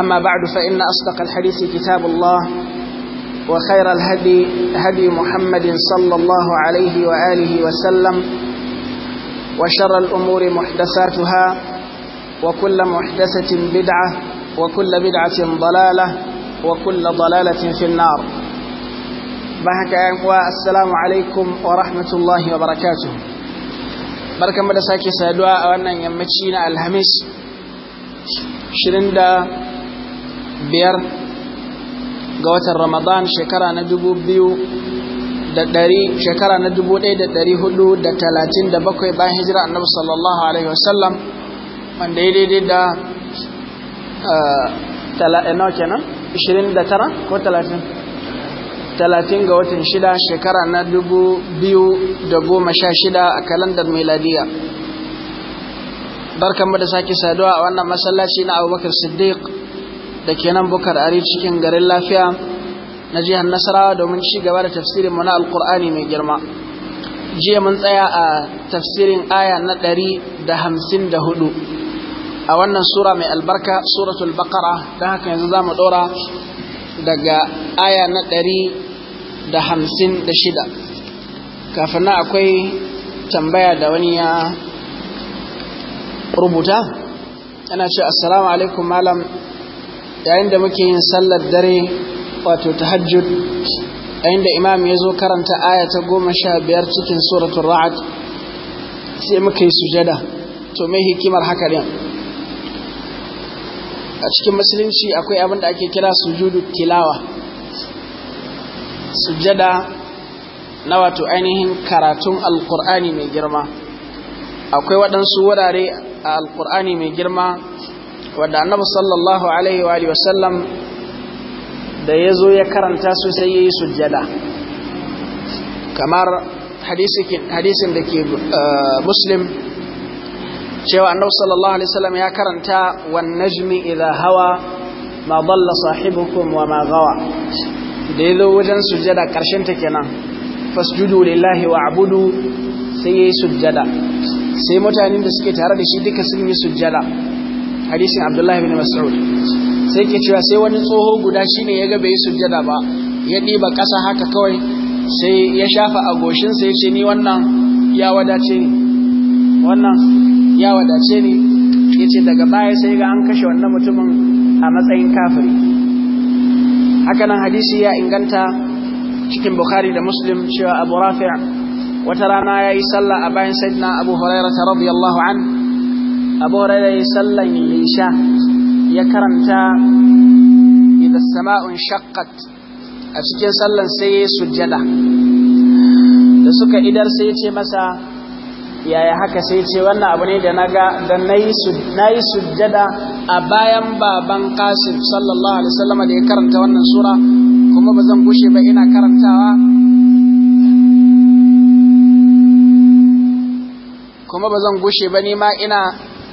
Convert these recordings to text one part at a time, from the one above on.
أما بعد فإن أصدق الحديث كتاب الله وخير الهدي هدي محمد صلى الله عليه وآله وسلم وشر الأمور محدثاتها وكل محدثة بدعة وكل بدعة ضلالة وكل ضلالة في النار بحك السلام عليكم ورحمة الله وبركاته بركة مدساكي سادواء وأنا يمتشينا الهميس شرندا biyar ga watan ramadan shekara na dubu biyu da ɗari shekara na dubu ɗaya da ɗari hudu da talatin da bakwai bayan hijira annabi sallallahu alaihi wasallam wanda ya daidai da eh, eh, nawa kenan ishirin da tara ko talatin talatin ga watan shida shekara na dubu biyu da goma sha shida a kalandar miladiya barkan mu da sake saduwa a wannan masallaci na abubakar siddiq da ke nan bukar ari cikin garin lafiya na jihar nasarawa domin ci gaba da tafsirin mu na alkur'ani mai girma jiya mun tsaya a tafsirin aya na ɗari da hamsin da hudu a wannan sura mai albarka suratul baqara don haka yanzu za mu ɗora daga aya na ɗari da hamsin da shida kafin na akwai tambaya da wani ya rubuta ana ce assalamu alaikum malam yayin da muke yin sallar dare wato tahajjud yayin da imam ya zo karanta aya ta goma sha biyar cikin suratul ra'ad sai muka yi sujada to mai hikimar haka din a cikin musulunci akwai abin da ake kira sujudu tilawa sujada na wato ainihin karatun alkur'ani mai girma akwai waɗansu wurare a alkur'ani mai girma wadda annabi sallallahu alaihi wa alihi wasallam da ya zo ya karanta su sai ya yi sujjada kamar hadisin da ke eh, muslim cewa annabi sallallahu alaihi wasallam ya karanta wan najmi idha hawa ma dalla sahibukum wa ma gawa da ya wajen sujjada karshen ta kenan fasjudu lillahi wa abudu sai ya yi sujjada sai mutanen da suke tare da shi duka sun yi sujjada hadisin abdullahi bin mas'ud sai ke cewa sai wani tsoho guda shine ya ga bai sujjada ba ya diba ƙasa haka kawai sai ya shafa a goshinsa ya ce ni wannan ya wadace ni wannan ya wadace ni ya daga baya sai ga an kashe wannan mutumin a matsayin kafiri hakanan hadisi ya inganta cikin bukhari da muslim cewa abu rafi' wata rana ya yi sallah a bayan sayyidina abu hurairah radiyallahu anhu abu hurairah ya sallan lisha ya karanta idza sama'un shaqqat a cikin sallan sai ya sujjada da suka idar sai ya ce masa yaya haka sai ce wannan abu ne da naga da nayi yi sujjada a bayan baban Qasim sallallahu alaihi sallama da ya karanta wannan sura kuma bazan gushe ba ina karantawa kuma ba zan gushe ba ma ina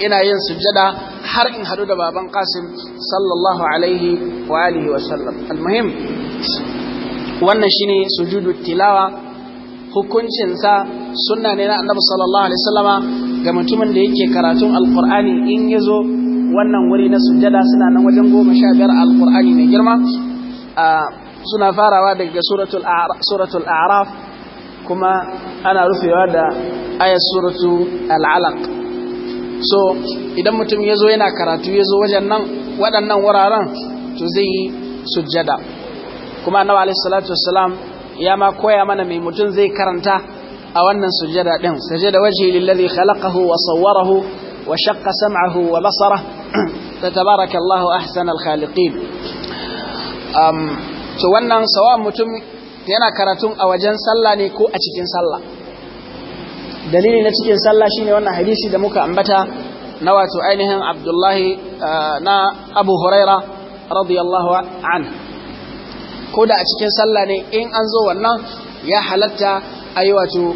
ina yin sujada har in haɗu da baban qasim sallallahu alaihi wa alihi wa sallam almuhim wannan shine sujudu tilawa hukuncinsa sunna ne na annabi sallallahu alaihi wasallama ga mutumin da yake karatun alqur'ani in yazo wannan wuri na sujada suna nan wajen goma sha biyar alqur'ani mai girma suna farawa daga suratul a'raf kuma ana rufewa da ayat suratu al'alaq so idan mutum ya zo yana karatu ya zo wajen nan waɗannan wuraren to zai yi sujjada kuma annabi alaihi wassalam ya ma koya mana mai mutum zai karanta a wannan sujjada din sujjada wajhi lillazi khalaqahu wa sawwarahu wa shaqqa sam'ahu wa basara tabarakallahu ahsanal khaliqin um to wannan sawa mutum yana karatun a wajen sallah ne ko a cikin sallah dalili na cikin sallah shine wannan hadisi da muka ambata na wato ainihin abdullahi uh, na abu huraira radiyallahu anhu. ko da a cikin sallah ne in an zo wannan ya halatta a yi wato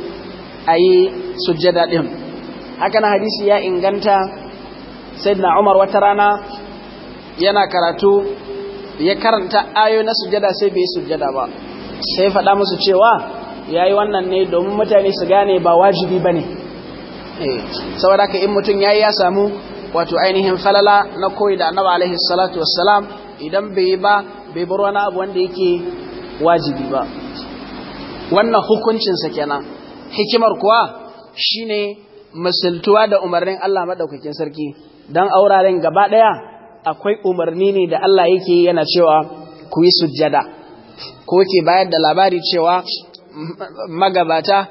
a yi sujjada ɗin haka na hadisi ya inganta sayyidina umar wata rana yana karatu ya karanta ayo na sujjada sai bai sujjada ba sai faɗa musu cewa ya yi wannan ne domin mutane su gane ba wajibi ba ne eh, saboda ka in mutum ya yi ya samu wato ainihin falala na koyi da annaba alaihi salatu wassalam idan bai ba bai bar wani abu wanda yake wajibi ba wannan hukuncinsa kenan hikimar kuwa shine misaltuwa da umarnin Allah maɗaukakin sarki don auraren gaba ɗaya akwai umarni ne da Allah yake yana cewa ku yi sujjada ko ke bayar da labari cewa magabata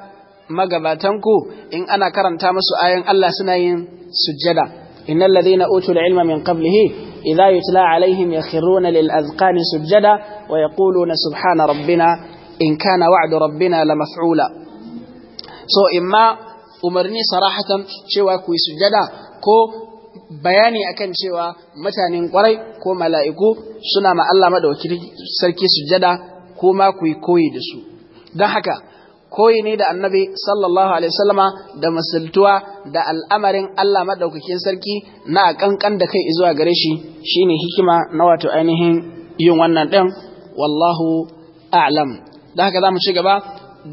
magabatanku in ana karanta musu ayan Allah suna yin sujjada innal ladhina utul ilma min qablihi idha yutla alaihim yakhruna lil azqani sujjada wa yaquluna subhana rabbina in kana wa'du rabbina la maf'ula so imma umarni sarahatan cewa ku yi sujjada ko bayani akan cewa mutanen kwarai ko mala'iku suna ma Allah madaukakin sarki sujjada ko ma ku yi koyi da su don haka koyi ne da annabi sallallahu alaihi wasallama da masaltuwa da al'amarin Allah madaukakin sarki na kankan da kai zuwa gare shi shine hikima na wato ainihin yin wannan din wallahu a'lam don haka zamu ci gaba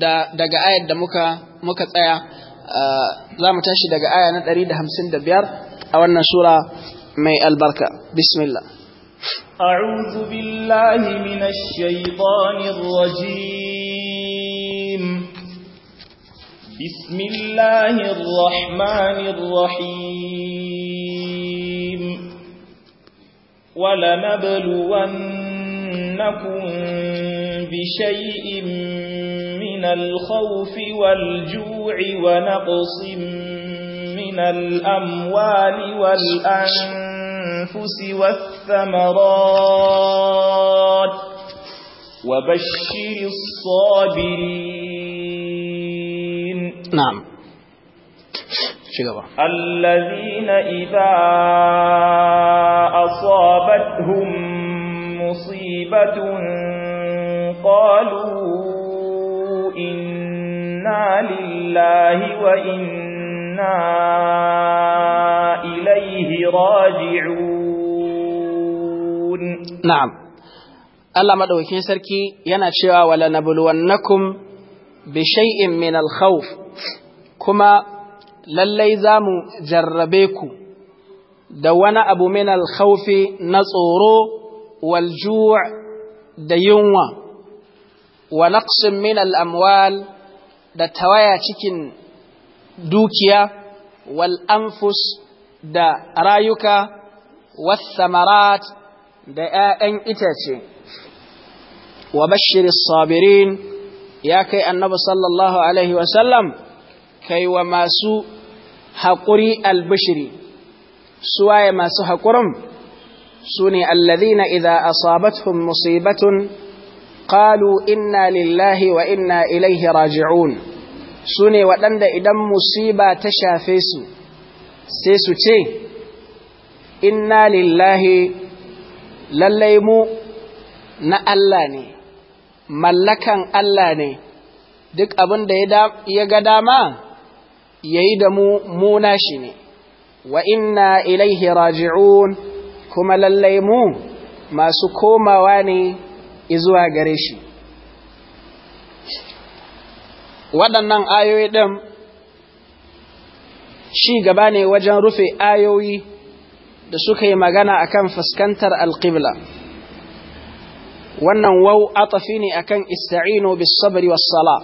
da daga ayar da muka muka tsaya uh, zamu tashi daga aya na ɗari da 155 a wannan sura mai albarka bismillah أعوذ بالله من الشيطان الرجيم بسم الله الرحمن الرحيم ولنبلونكم بشيء من الخوف والجوع ونقص من الأموال والأنفس والثمرات وبشر الصابرين نعم الذين إذا أصابتهم مصيبة قالوا إنا لله وإنا إليه راجعون نعم الله مدعوكين سركي ينا شوا ولا نبلونكم بشيء من الخوف kuma lallai za mu jarrabe ku da wani abu min alkhawfi na tsoro wal da yunwa wa naqsin min al'amwal da tawaya cikin dukiya wal anfus da rayuka wasamarat da ‘ya'yan itace wa bashirin sabirin ya kai annabi sallallahu alaihi wasallam kai wa masu haƙuri albishiri suwaye masu haƙurin su ne allazina idza asabatuhum musibatun qalu inna lillahi wa inna ilaihi raji'un su ne waɗanda idan musiba ta shafe su sai su ce inna lillahi lallai mu na Allah ne mallakan Allah ne duk abin da ya ga dama ya yi da mu muna shi ne wa inna ilaihi raji'un kuma lallai mu masu komawa ne izuwa gare shi waɗannan ayoyi ɗin shi gaba ne wajen rufe ayoyi da suka yi magana akan fuskantar alƙibla wannan waw atafi ne akan kan bis sabri was sala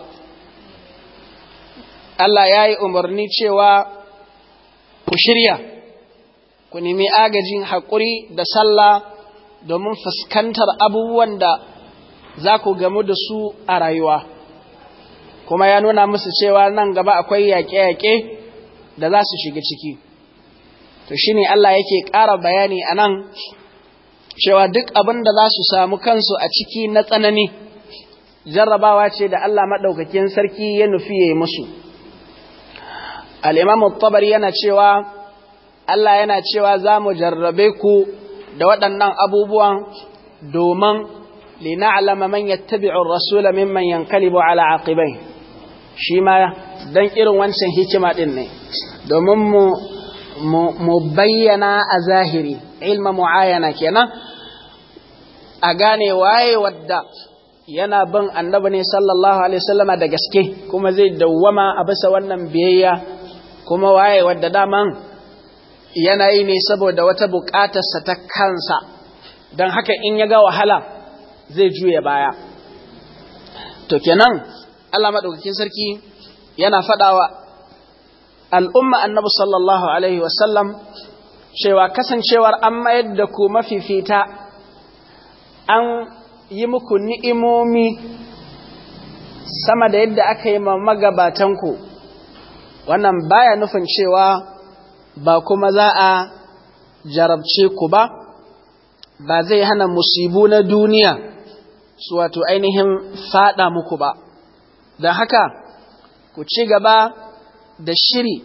Allah yayi umarni cewa ku shirya ku nemi agajin haƙuri da sallah domin fuskantar abubuwan da za ku gamu da su a rayuwa kuma ya nuna musu cewa nan gaba akwai yaƙe-yaƙe da za su shiga ciki to shine Allah yake ƙara bayani a nan cewa duk abin da za su samu kansu a ciki na tsanani jarrabawa ce da Allah maɗaukakin sarki ya nufi ya yi musu al'imamu tabari yana cewa Allah yana cewa za mu jarrabe ku da waɗannan abubuwan domin lina alama man tabi'un rasula mimman yankalibu ala aqibai shi ma don irin wancan hikima ɗin ne domin mu bayyana a zahiri ilma mu'ayana kenan a gane waye wadda yana bin annabi ne sallallahu alaihi wasallama da gaske kuma zai dawwama a bisa wannan biyayya kuma waye wadda daman yana yi ne saboda wata buƙatarsa ta kansa don haka in ya ga wahala zai juya baya to kenan Allah maɗaukakin sarki yana faɗawa al'umma annabi sallallahu alaihi wasallam cewa kasancewar an mayar da ku mafifita an yi muku ni'imomi sama da yadda aka yi magabatanku wannan baya nufin cewa ba kuma za a jarabce ku ba ba zai hana musibu na duniya su wato ainihin fada muku ba don haka ku ci gaba da shiri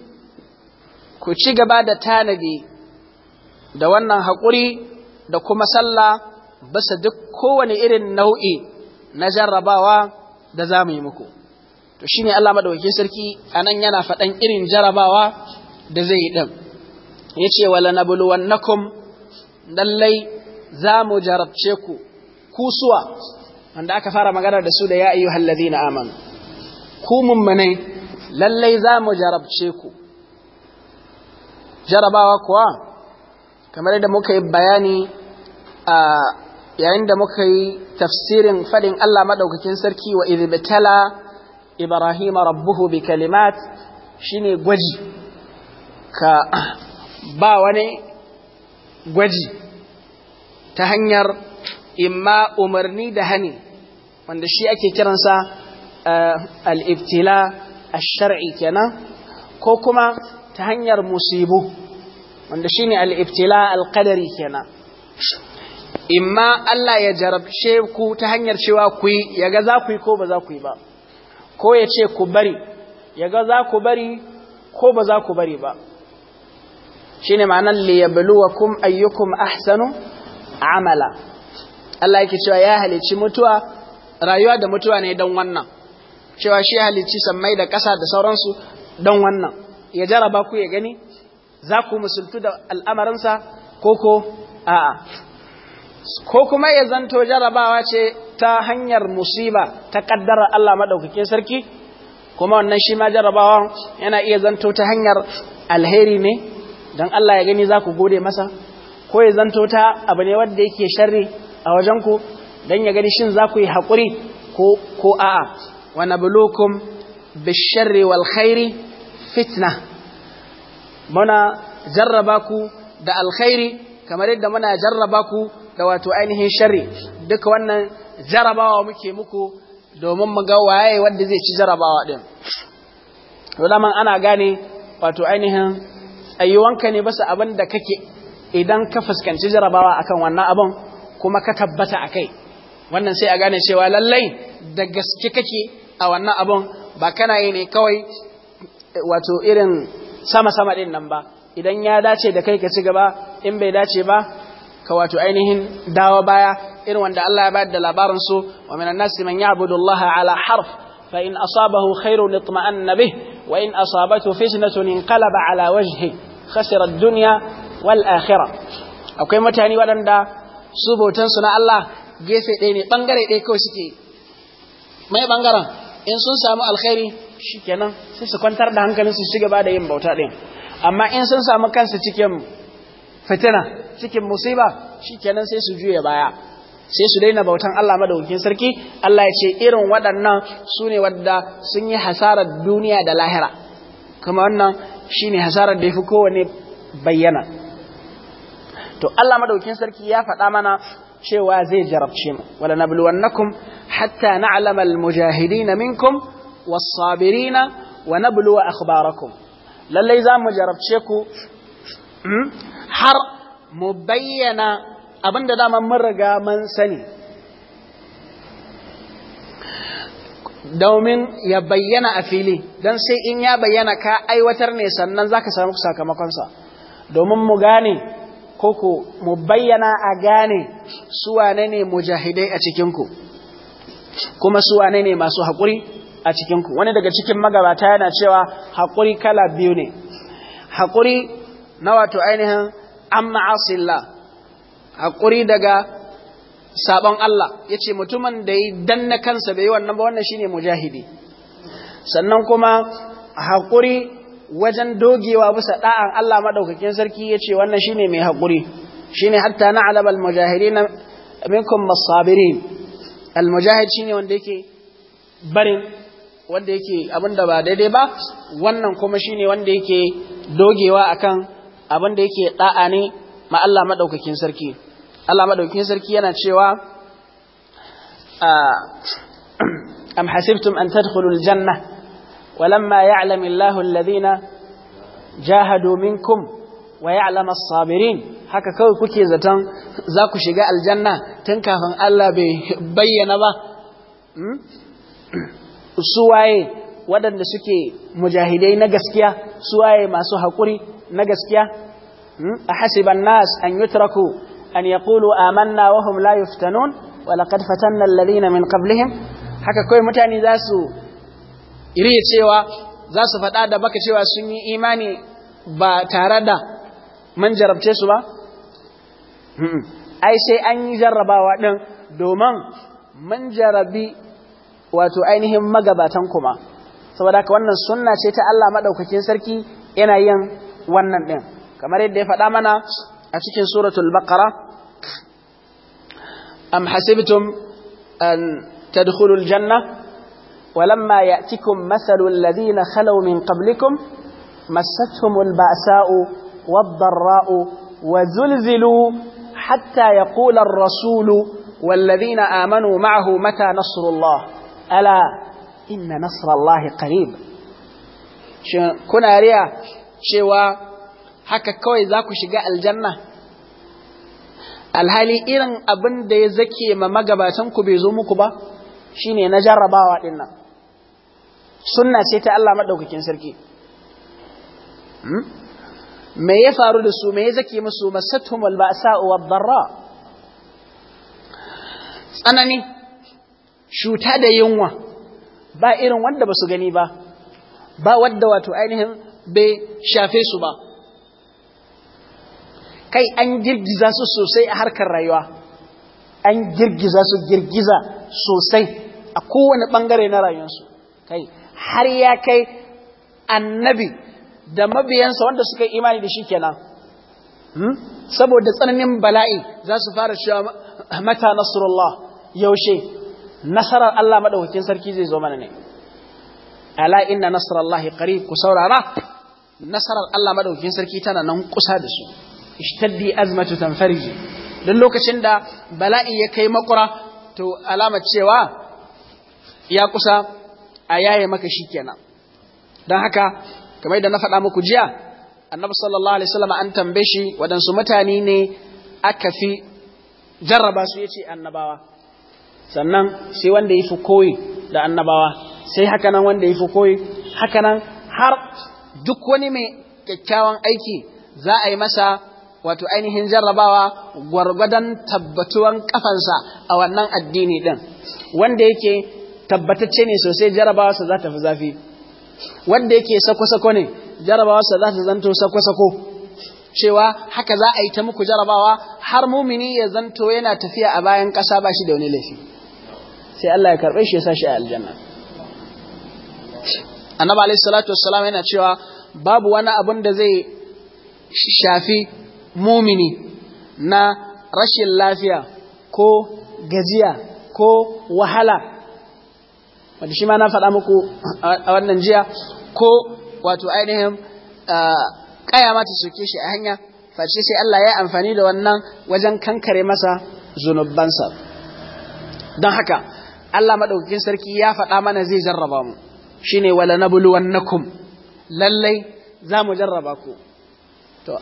ku ci gaba da tanadi da wannan haƙuri da kuma sallah basa duk kowane irin nau'i na jarrabawa da za mu yi muku. To shi Allah maɗauki sarki anan yana faɗan irin jarrabawa da zai yi din Ya wala na buluwannakum lallai za mu jarabce ku kusuwa wanda aka fara magana da su da ya ayyu hallazi na amanu. Ku mane lallai za mu jarabce ku. Jarabawa kuwa kamar yadda muka yi bayani a yayin da muka yi tafsirin faɗin Allah madaukakin sarki wa idbtala ibrahima rabbuhu bi kalimat shine gwaji ka ba wani gwaji ta hanyar imma umarni da hani wanda shi ake kiransa eh, al-ibtila ash-shar'i kenan ko kuma ta hanyar musibu wanda shine al-ibtila al-qadari kenan imma Allah ya jarabce ku ta hanyar cewa ku yi yaga za ku yi ko ba za ku yi ba ko ya ce ku bari yaga za ku bari ko ba za ku bari ba ne ma'anar kum ayyukum ahsanu amala Allah yake cewa ya halici mutuwa rayuwa da mutuwa ne don wannan cewa shi halici sammai da ƙasa da sauransu don wannan ya jaraba ku ya gani za ku musultu da al'amarinsa ko ko a'a ko kuma ya zanto jarabawa ce ta hanyar musiba ta kaddara Allah maɗaukakin sarki kuma wannan shi ma jarabawa yana iya zanto ta hanyar alheri ne don Allah ya gani za ku gode masa ko ya zanto ta abu ne wanda yake sharri a wajenku don ya gani shin za ku yi haƙuri ko ko a'a wa nablukum bisharri wal khairi fitna muna jarraba ku da alkhairi kamar yadda muna jarraba ku da wato ainihin shari duka wannan jarabawa muke muku domin mu ga waye wanda zai ci jarabawa din to ana gane wato ainihin ayyuwanka ne basu abin da kake idan ka fuskanci jarabawa akan wannan abin kuma ka tabbata akai wannan sai a gane cewa lallai da gaske kake a wannan abin ba kana yi ne kawai wato irin sama-sama din nan ba idan ya dace da kai ka ci gaba in bai dace ba ka wato ainihin dawa baya irin wanda Allah ya bayar da labarin su wa minan nasi man ya'budu Allah ala harf fa in asabahu khairun itma'anna bih wa in asabatu fitnatun inqalaba ala wajhi khasira ad-dunya wal akhirah akwai mutane waɗanda su bautan su na Allah gefe ɗaya ne bangare ɗaya kawai suke mai bangaren in sun samu alkhairi shikenan sai su kwantar da hankalin su shiga gaba da yin bauta ɗin amma in sun samu kansu cikin fitina cikin musiba shikenan sai su juye baya sai su daina bautan Allah madaukakin sarki Allah ya ce irin waɗannan su wadda sun yi hasarar duniya da lahira kuma wannan shine hasarar da ya fi kowane bayyana to Allah madaukakin sarki ya faɗa mana cewa zai jarabce mu wala nabluwannakum hatta na'lama almujahidin minkum was-sabirin wa nabluwa akhbarakum lallai za mu jarabce ku hmm? har mu bayyana abin da dama mun riga mun sani domin ya bayyana a fili don sai in ya bayyana ka aiwatar ne sannan za ka samu sakamakonsa domin mu gane koko mu bayyana a gane suwane ne mujahidai a cikinku kuma suwane ne masu haƙuri a cikinku wani daga cikin magabata yana cewa haƙuri kala biyu ne haƙuri na wato ainihin an ma'asillah haƙuri daga sabon Allah ya ce mutumin da ya danna kansa bai yi wannan ba wannan shine mujahidi sannan kuma haƙuri wajen dogewa bisa ɗa'an Allah maɗaukakin sarki ya ce wannan shine mai haƙuri shine hatta na alabal mujahidi na minkum masabirin almujahid shine wanda yake barin wanda yake abin ba daidai ba wannan kuma shine wanda yake dogewa akan abin da yake ɗa'a ne ma Allah madaukakin sarki Allah maɗaukakin sarki yana cewa am hasibtum an tadkhulul janna walamma ya'lamu Allahu alladhina jahadu minkum wa ya'lamu sabirin haka kawai kuke zaton za ku shiga aljanna tun kafin Allah bai bayyana ba hmm? su waye waɗanda suke mujahidai na gaskiya Su waye masu haƙuri na gaskiya hmm? a hasiban nas an yutraku an yaqulu amanna wa hum la yuftanun wa laqad fatanna alladhina min qablihim haka kai mutane za su iri cewa za su faɗa da baka cewa sun yi imani ba tare da man jarabce su ba hmm. ai sai an yi jarrabawa ɗin domin man jarabi wato ainihin magabatan kuma saboda haka wannan sunna ce ta Allah madaukakin sarki yana yin wannan din kamar yadda ya faɗa mana a cikin suratul baqara am hasibtum an tadkhulul janna ولما يأتكم مثل الذين خلوا من قبلكم مستهم البأساء والضراء وزلزلوا حتى يقول الرسول والذين آمنوا معه متى نصر الله ألا inna nasrallahi qarib shin kuna riya cewa haka kawai za ku shiga aljanna alhali irin abin da ya zake ma magabatan ku bai zo muku ba shine na jarrabawa din nan sunna ce ta Allah madaukakin sarki hmm? me ya faru da su me ya zake musu wal ba'sa'u wad darra tsanani cuta da yunwa ba irin wanda ba su gani ba ba wadda wato ainihin bai shafe su ba kai an girgiza su sosai a harkar rayuwa an girgiza su girgiza sosai a kowane ɓangare na rayuwarsu kai har ya kai annabi da mabiyansa wanda suka yi imani da shi kenan hmm? saboda tsananin bala'i za su fara cewa mata nasrullah yaushe nasarar Allah maɗaukakin sarki zai zo mana ne ala inna nasrallahi qarib ku saurara nasarar Allah maɗaukakin sarki tana nan kusa da su ishtaddi azmatu tanfariji dan lokacin da bala'i ya kai makura to alama cewa ya kusa a yaye maka shi kenan. dan haka kamar da na faɗa muku jiya annabi sallallahu alaihi wasallam an tambaye shi waɗansu mutane ne aka fi jarraba su ce annabawa sannan sai wanda ya fi koyi da annabawa sai hakanan wanda ya fi koyi hakanan har duk wani mai kyakkyawan aiki za a yi masa wato ainihin jarrabawa gwargwadon tabbatuwan kafansa a wannan addini ɗin wanda yake tabbatacce ne sosai jarrabawarsa za ta fi zafi wanda yake sako-sako ne jarrabawarsa za ta zanto sako-sako cewa haka za a yi ta muku jarrabawa har mumini ya zanto yana tafiya a bayan ƙasa ba shi da wani laifi sai Allah ya karɓe shi ya sa shi a aljanna annabi Alayhi salatu wassalam yana cewa babu wani abin da zai shafi mumini na rashin lafiya ko gajiya ko wahala wanda shi ma na faɗa muku a wannan jiya ko wato ainihin ƙaya ma ta soke shi a hanya face sai Allah ya yi amfani da wannan wajen kankare masa zunubbansa don haka Allah madaukakin sarki ya faɗa mana zai jarraba mu shine wala kum, lallai za mu jarraba ku to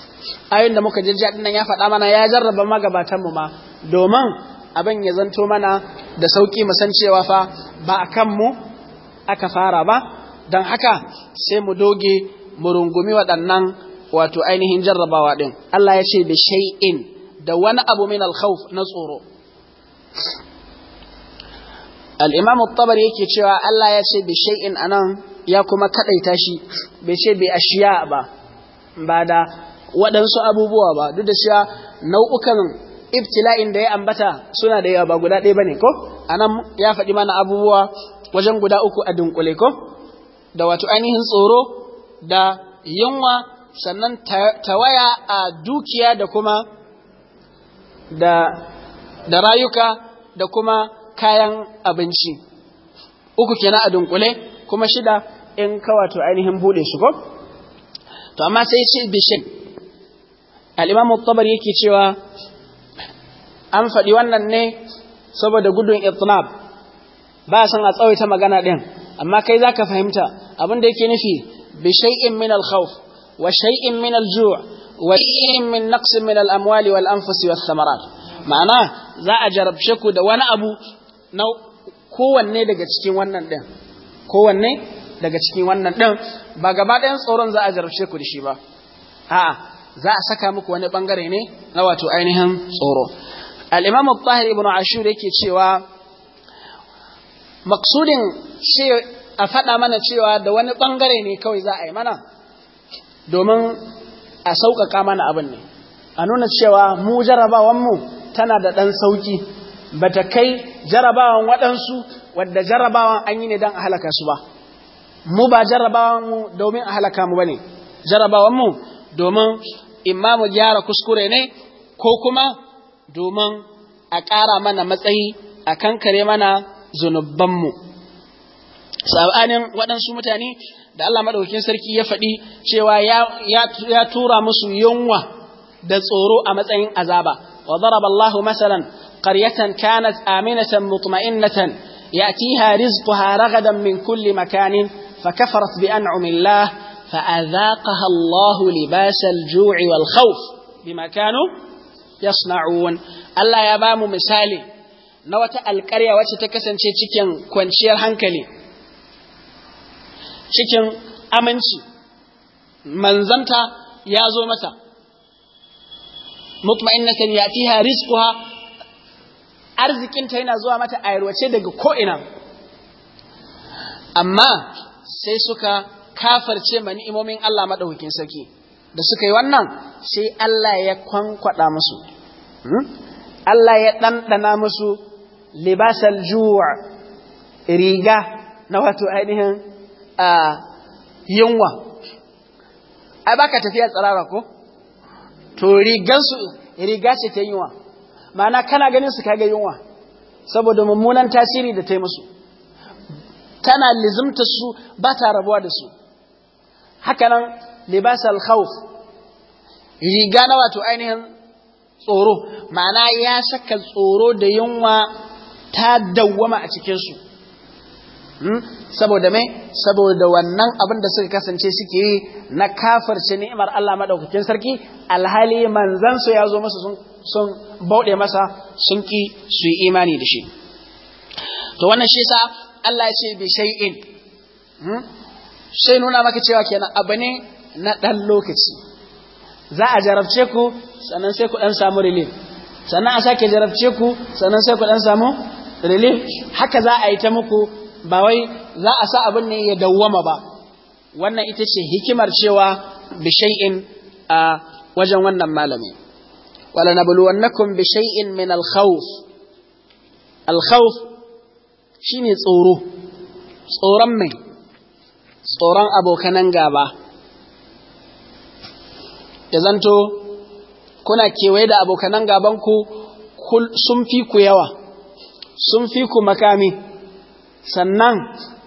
ayoyin da muka jirja din nan ya faɗa mana ya jarraba magabatan mu ma domin abin ya zanto mana da sauki mu san cewa fa ba akan mu aka fara ba dan haka sai mu doge mu rungumi waɗannan wato ainihin jarrabawa ɗin. Allah ya ce bi shay'in da wani abu min al-khawf na tsoro al'imam tabari yake cewa Allah ya ce bi shay'in anan ya kuma kaɗaita shi bai ce bi ba ba da waɗansu abubuwa ba duk da cewa nau'ukan ibtila'in da ya ambata suna da yawa ba guda ɗaya bane ko anan ya faɗi mana abubuwa wajen guda uku a dunkule ko da wato ainihin tsoro da yunwa sannan tawaya a dukiya da kuma da rayuka da kuma kayan abinci uku kenan a dunkule kuma shida in ka wato ainihin bude su ko to amma sai shi bishin al-imam at-tabari yake cewa an faɗi wannan ne saboda gudun itnab ba san a tsawaita magana din amma kai zaka fahimta abin da yake nufi bi shay'in min al-khawf wa shay'in min al-ju' wa shay'in min naqs min al-amwali wal anfus was thamarat ma'ana za a jarabce ku da wani abu na kowanne daga cikin wannan ɗin kowanne daga cikin wannan ɗin ba gaba ɗayan tsoron za a jarabce ku da shi ba a'a za a saka muku wani bangare ne na wato ainihin tsoro al'imam imam al-tahir ibn ashur yake cewa maksudin ce a faɗa mana cewa da wani bangare ne kawai za a yi mana domin a sauƙaƙa mana abin ne a nuna cewa mu jarabawanmu mu tana da ɗan sauƙi ba ta kai jarabawan waɗansu wadda jarabawan an yi ne don a halaka su ba mu ba jarabawan mu domin a halaka mu ba ne jarabawan mu domin imamu mu gyara kuskure ne ko kuma domin a ƙara mana matsayi a kankare mana zunubbanmu sabanin waɗansu mutane da Allah maɗaukin sarki ya faɗi cewa ya tura musu yunwa da tsoro a matsayin azaba wa daraba Allahu masalan قرية كانت آمنة مطمئنة يأتيها رزقها رغدا من كل مكان فكفرت بأنعم الله فأذاقها الله لباس الجوع والخوف بما كانوا يصنعون الله يبام مثالي نوة القرية وتتكسن شكين كونشير هنكلي شكين أمنشي منزنتا يا متى مطمئنة يأتيها رزقها arzikinta yana zuwa mata a daga ko'ina amma sai suka kafarce ma ni'imomin Allah maɗaukakin sarki da suka yi wannan sai Allah ya kwankwaɗa musu hmm? Allah ya ɗanɗana musu libasal juwa riga na wato ainihin yunwa ai baka tafiya tsirara ko to rigansu riga ce ta yunwa ma'ana kana ganin su kaga yunwa saboda mummunan tasiri da ta yi musu tana lizimta su ba ta rabuwa da su hakanan libas al-khawf riga na wato ainihin tsoro ma'ana ya saka tsoro da yunwa ta dawwama a cikinsu hmm? saboda mai saboda wannan abin da suka kasance suke yi na kafarce ni'imar Allah madaukakin sarki alhali manzansu ya zo musu sun sun bauɗe masa sun ki su yi imani da shi to wannan shi sa Allah ya ce bi shay'in hmm? sai nuna maka cewa kenan abu ne na ɗan lokaci za a jarabce ku sannan sai ku ɗan samu relief sannan a sake jarabce ku sannan sai ku ɗan samu relief haka za a yi ta muku ba wai za a sa abin ne ya dawwama ba wannan ita ce hikimar cewa bishai'in a wajen wannan malami ولنبلونكم بشيء من الخوف الخوف shine tsoro tsoron mai tsoron abokanan gaba ya zanto kuna kewaye da abokanan gabanku sun fi ku yawa sun fi ku makami sannan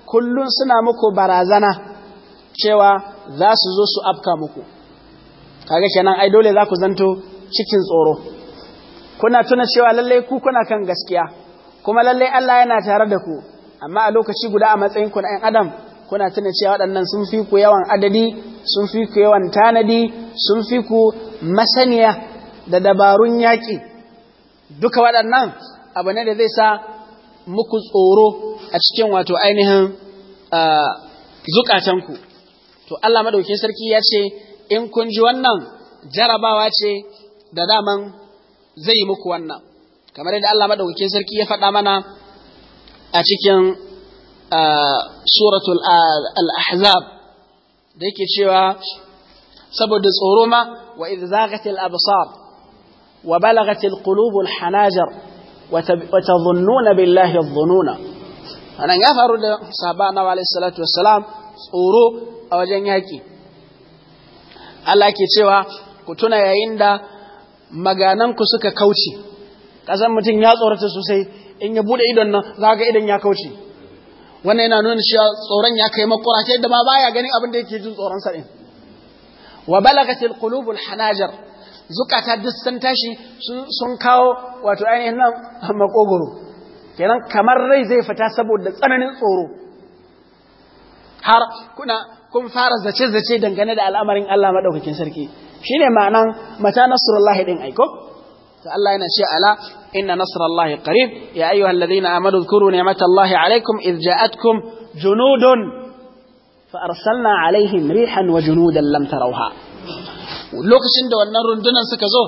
kullum suna muku barazana cewa za su zo su afka muku kaga kenan ai dole za ku zanto cikin tsoro kuna tuna cewa lallai ku kuna kan gaskiya kuma lallai Allah yana tare da ku amma a lokaci guda a matsayin ku na ɗan adam kuna tuna cewa waɗannan sun fi ku yawan adadi sun fi ku yawan tanadi sun fi ku masaniya da dabarun yaƙi duka waɗannan abu ne da zai sa muku tsoro a cikin wato ainihin zukatanku to Allah madaukin sarki ya ce in kun ji wannan jarabawa ce da daman zai muku wannan kamar yadda Allah madaukakin sarki ya faɗa mana a cikin suratul al-ahzab da yake cewa saboda tsoro ma wa idh zaghatil absar wa balagatil qulubul hanajar wa tadhunnuna billahi adh-dhununa anan ya faru da sabana wa alayhi salatu wassalam tsoro a wajen yaki Allah ke cewa ku tuna yayin da magananku suka kauce ƙasan mutum ya tsorata sosai in ya buɗe idon nan za ga idon ya kauce wannan yana nuna cewa tsoron ya kai makura da da ma baya ganin abin da yake jin tsoron sa din wa balagatil qulubul hanajar zukata duk sun tashi sun kawo wato ainihin nan makogoro kenan kamar rai zai fita saboda tsananin tsoro har kuna kun fara zace-zace dangane da al'amarin Allah madaukakin sarki shine ma'anan mata nasrullahi din aiko to Allah yana ce ala inna nasrullahi qarib ya ayyuhal ladina amanu dhkuru ni'matallahi alaykum idh ja'atkum junudun fa arsalna alaihim rihan wa junudan lam tarawha lokacin da wannan rundunan suka zo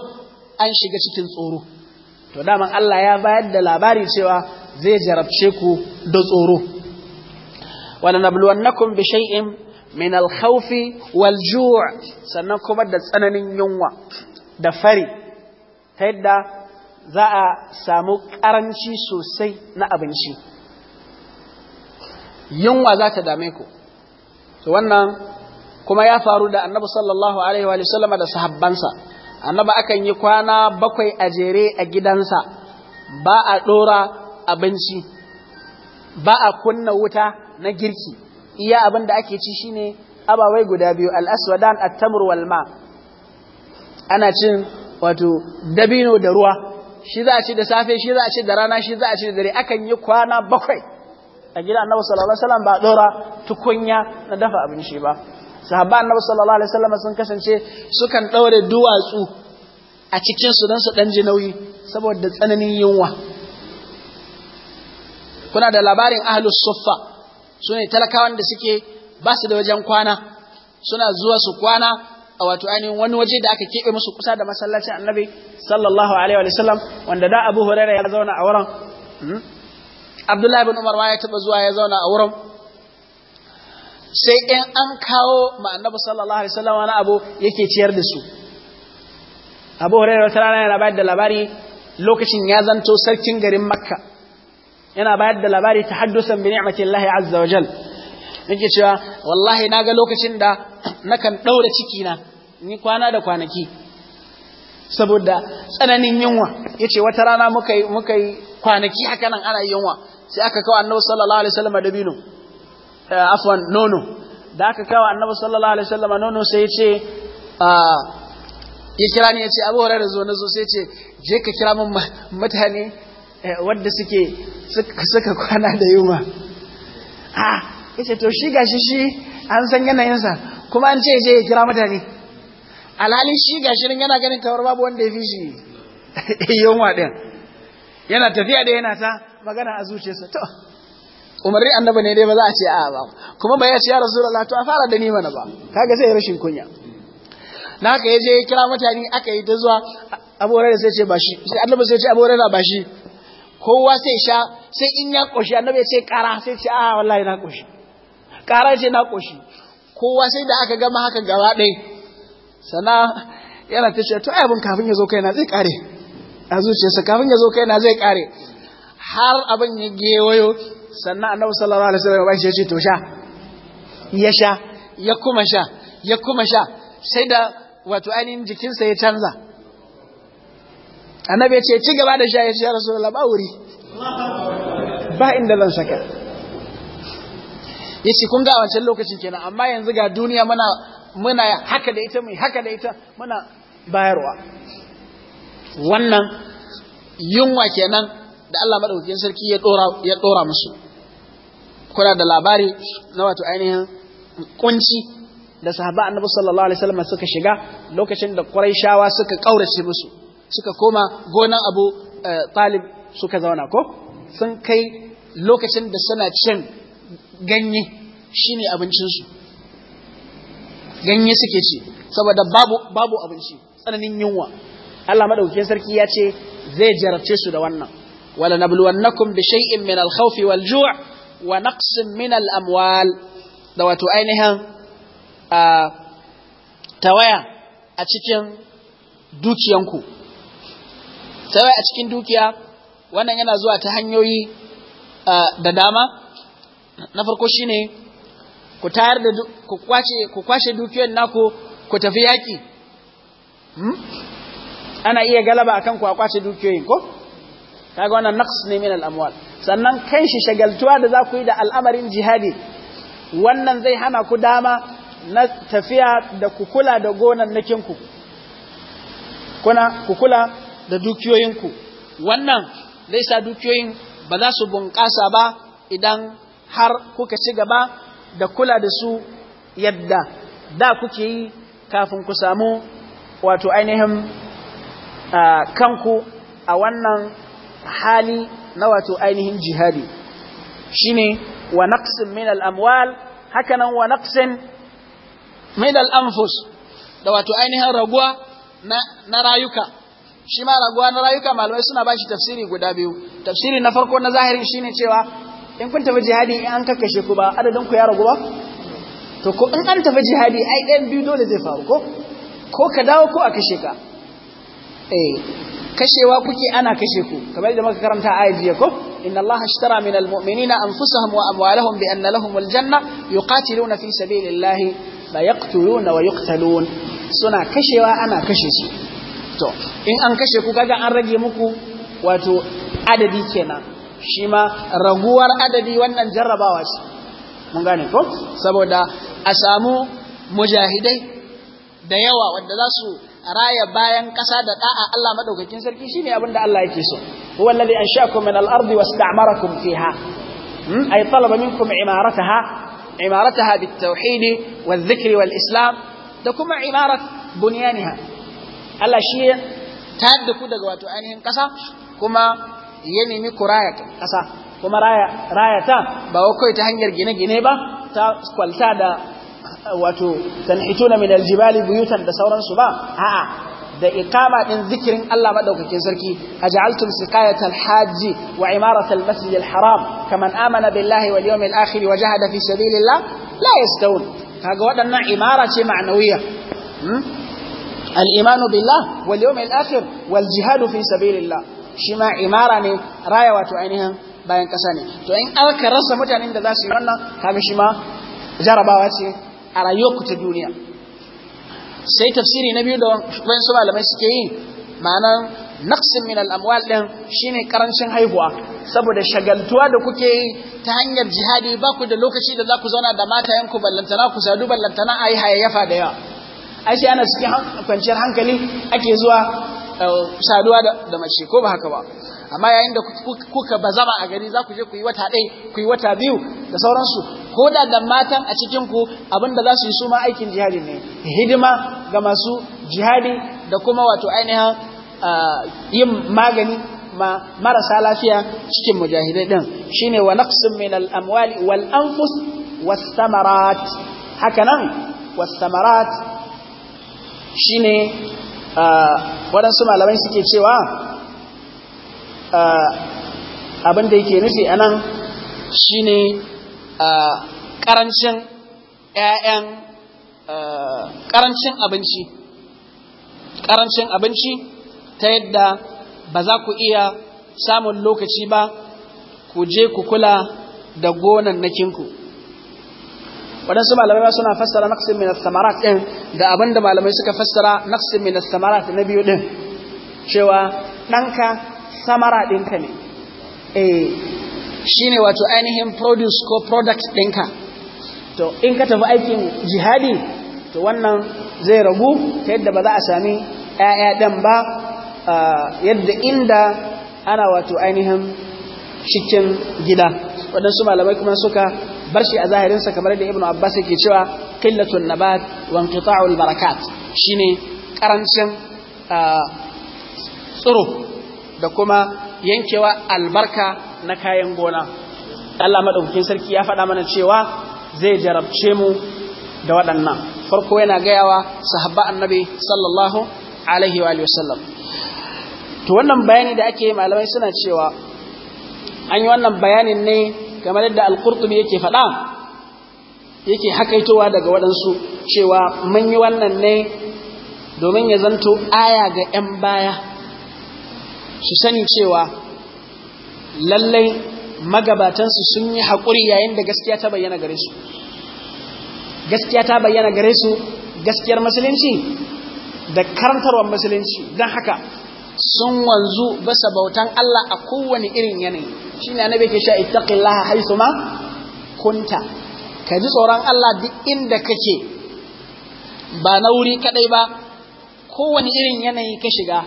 an shiga cikin tsoro to daman Allah ya bayar da labari cewa zai jarabce ku da tsoro wa lanabluwannakum bi shay'in min alkhawfi wal sannan kuma da tsananin yunwa da fari ta yadda za a samu karanci sosai na abinci yunwa za ta dame ku to wannan kuma ya faru da annabi sallallahu alaihi wa sallama da sahabbansa annabi akan yi kwana bakwai a jere a gidansa ba a ɗora abinci ba a kunna wuta na girki iya abin da ake ci shine ababai guda biyu al-aswadan at-tamr wal ana cin wato dabino da ruwa shi za a ci da safe shi za a ci da rana shi za a ci da dare akan yi kwana bakwai a gidan annabi sallallahu alaihi wasallam ba dora tukunya na dafa abinci ba sahabban annabi sallallahu alaihi wasallam sun kasance sukan daure duwatsu a cikin su dan su dan ji nauyi saboda tsananin yunwa kuna da labarin ahlus suffa su ne talakawan da suke ba su da wajen kwana suna zuwa su kwana a wato ainihin wani waje da aka keɓe musu kusa da masallacin annabi sallallahu alaihi wa sallam wanda da abu huraira ya zauna a wurin hmm? abdullahi bin umar ma ya taɓa zuwa ya zauna a wurin sai in an kawo ma annabi sallallahu alaihi wa sallam, wani abu yake ciyar da su abu hurairah wata rana yana bayar da labari lokacin ya zanto sarkin garin makka yana bayar da labari ta haddusan bi ni'matillahi azza wa jal nake cewa wallahi naga lokacin da nakan daura ciki na ni kwana da kwanaki saboda tsananin yunwa yace wata rana muka yi muka yi kwanaki haka nan ana yunwa sai aka kawo annabi sallallahu alaihi wasallam da bino eh, afwan nono da aka kawo annabi sallallahu alaihi wasallam nono sai yace ah, ya kira ni yace abu hurairah zo na zo sai yace je ka kira min mutane Eh, wadda suke suka kwana da yuma a yace to shi gashi shi an san yanayinsa kuma an ce je ya kira mutane alhali shi gashi nan yana ganin kawar babu wanda ya fi shi yunwa din yana tafiya da yana ta magana a zuciyarsa to umarri annabi ne dai ba za a ce a ba kuma ba ya ce ya rasulullah to a fara da ni mana ba kaga sai rashin kunya na haka ya je ya kira mutane aka yi ta zuwa abu hurairah sai ce ba shi sai annabi sai ce abu hurairah ba shi kowa sai sha sai in ya ƙoshi annabi ya ce ƙara sai ce a ah, wallahi na ƙoshi ƙara ce na ƙoshi kowa sai da aka gama haka gaba ɗai sana yana ta ce to ai abin kafin ya zo kaina zai ƙare a zuciyarsa kafin ya zo kaina zai ƙare har abin ya gewayo sannan annabi sallallahu alaihi wasallam ya ce to sha ya sha ya kuma sha ya kuma sha sai da wato ainihin jikinsa ya canza annabi ya ce ci gaba da sha ya ce ya rasu da wuri ba inda zan saka ya ce kun ga wancan lokacin kenan amma yanzu ga duniya muna muna haka da ita mai haka da ita muna bayarwa wannan yunwa kenan da Allah madaukakin sarki ya dora ya dora musu kuna da labari na wato ainihin kunci da sahaba annabi sallallahu alaihi wasallam suka shiga lokacin da quraishawa suka kaurace musu suka koma gonan abu eh, talib suka zauna ko sun kai lokacin da suna cin ganye shine abincinsu ganye suke ci saboda babu abinci tsananin yunwa Allah madaukakin sarki ya ce zai jarabce su da wannan wala nabluwannakum bi shay'in min al-khawfi wal-ju' wa naqsin min al-amwal da wato ainihin ah, tawaya a cikin dukiyanku sai a cikin dukiya wannan yana zuwa ta hanyoyi da dama na farko shine ku tayar da ku kwashe dukiyar naku ku tafi yaki hmm? ana iya galaba akan ku a kwace dukiyoyin ko kaga wannan naqs ne min al sannan kai shi shagaltuwa da za ku yi da al'amarin jihadi wannan zai hana ku dama na tafiya da ku da gonan nakinku kuna ku da dukiyoyinku wannan zai sa dukiyoyin ba za su bunƙasa ba idan har kuka ci gaba da kula da su yadda da kuke yi kafin ku samu wato ainihin kanku a wannan hali na wato ainihin jihadi shine wa naqsin min al’amwal hakanan wa naqsin min al’amfus da wato ainihin raguwa na rayuka shi ma raguwa na rayuka malamai suna bashi tafsiri guda biyu tafsiri na farko na zahirin shine cewa in kun tafi jihadi in an kakkashe ku ba adadin ku ya ragu ba to ko in an tafi jihadi ai ɗayan biyu dole zai faru ko ko ka dawo ko a kashe ka eh kashewa kuke ana kashe ku kamar da muka karanta a jiya ko inna allaha ashtara min almu'minina anfusahum wa amwalahum bi anna lahum aljanna yuqatiluna fi sabilillahi la yaqtuluna wa yuqtalun suna kashewa ana kashe su to in an kashe ku kaga an rage muku wato adadi kenan shi ma raguwar adadi wannan jarrabawa ce mun gane ko saboda a samu mujahidai da yawa wanda za su raya bayan ƙasa da da'a Allah madaukakin sarki shine abin da Allah yake so huwa alladhi ansha'akum min al-ardi wasta'marakum fiha hmm? ay talaba minkum imarataha imarataha bit-tauhid wadh-dhikri wal-islam da kuma imarat bunyaniha Allah shi ya tayar da ku daga wato ainihin ƙasa kuma ya nemi ku raya ƙasa kuma raya ta ba kawai ta hanyar gine-gine ba ta kwalta da wato na min aljibali buyutan da sauransu ba a'a da ikama din zikirin Allah madaukakin sarki aj'altum siqayat hajji. wa imarat almasjid alharam kaman amana billahi wal yawmil akhir wa jahada fi sabilillah la yastawun kaga wadannan imara ce ma'nawiyya hmm? al'imanu billah wal yawmil akhir wal jihadu fi sabilillah shi ma imara ne raya wato ainihin bayan ƙasa ne to in aka rasa mutanen da za su yi wannan kamin shi ma jarabawa ce a rayuwarku ta duniya sai tafsiri na biyu da wasu malamai suke yi ma'anan naqsin min al-amwal din shine karancin haihuwa saboda shagaltuwa da kuke yi ta hanyar jihadi baku da lokaci da za ku zauna da matayen ku ballantana ku sadu ballantana ayi hayayyafa da yawa ai sai ana cikin kwanciyar hankali ake zuwa eh, saduwa da mace ko ba haka ba amma yayin da kuka zama a gari za ku je ku yi wata ɗai ku yi wata biyu da sauransu ko da da matan a cikin ku abin da za su yi suma aikin jihadi ne hidima ga masu jihadi da kuma wato ainihin eh, yin magani ma marasa lafiya cikin mujahidai ɗin shine wa naqsin min al amwali wal anfus was samarat haka nan was samarat shine waɗansu malamai suke cewa abin da yake nufi a nan shine ƙarancin ‘ya'yan ƙarancin abinci ƙarancin abinci ta yadda ba za ku iya samun lokaci ba ku je ku kula da gonannakinku waɗansu malamai suna fassara naqsin min as-samarat din da abinda malamai suka fassara naqsin min as-samarat na biyu din cewa ɗanka samara ɗinka ne eh shine wato ainihin produce ko product ɗinka to in ka tafi aikin jihadi to wannan zai ragu ta yadda ba za a sami ƴaƴa ɗin ba yadda inda ana wato ainihin cikin gida waɗansu malamai kuma suka bar shi a zahirin sa kamar da ibnu abbas yake cewa qillatul nabat wa inqita'ul barakat shine karancin tsiro da kuma yankewa albarka na kayan gona Allah madaukakin sarki ya faɗa mana cewa zai jarabce mu da waɗannan farko yana gayawa sahabba annabi sallallahu alaihi wa sallam to wannan bayani da ake yi malamai suna cewa an yi wannan bayanin ne kamar yadda al yake faɗa yake hakaitowa daga waɗansu cewa mun yi wannan ne domin ya zanto aya ga 'yan baya su sani cewa lallai magabatansu sun yi haƙuri yayin da gaskiya ta bayyana gare su gaskiya ta bayyana gare su gaskiyar musulunci da karantarwar musulunci don haka sun wanzu ba sabautan Allah a kowane irin yanayi ne annabi ke sha ittaqillaha haythu ma kunta ka ji tsoron Allah duk inda kake ba na wuri kadai ba kowane irin yanayi ka shiga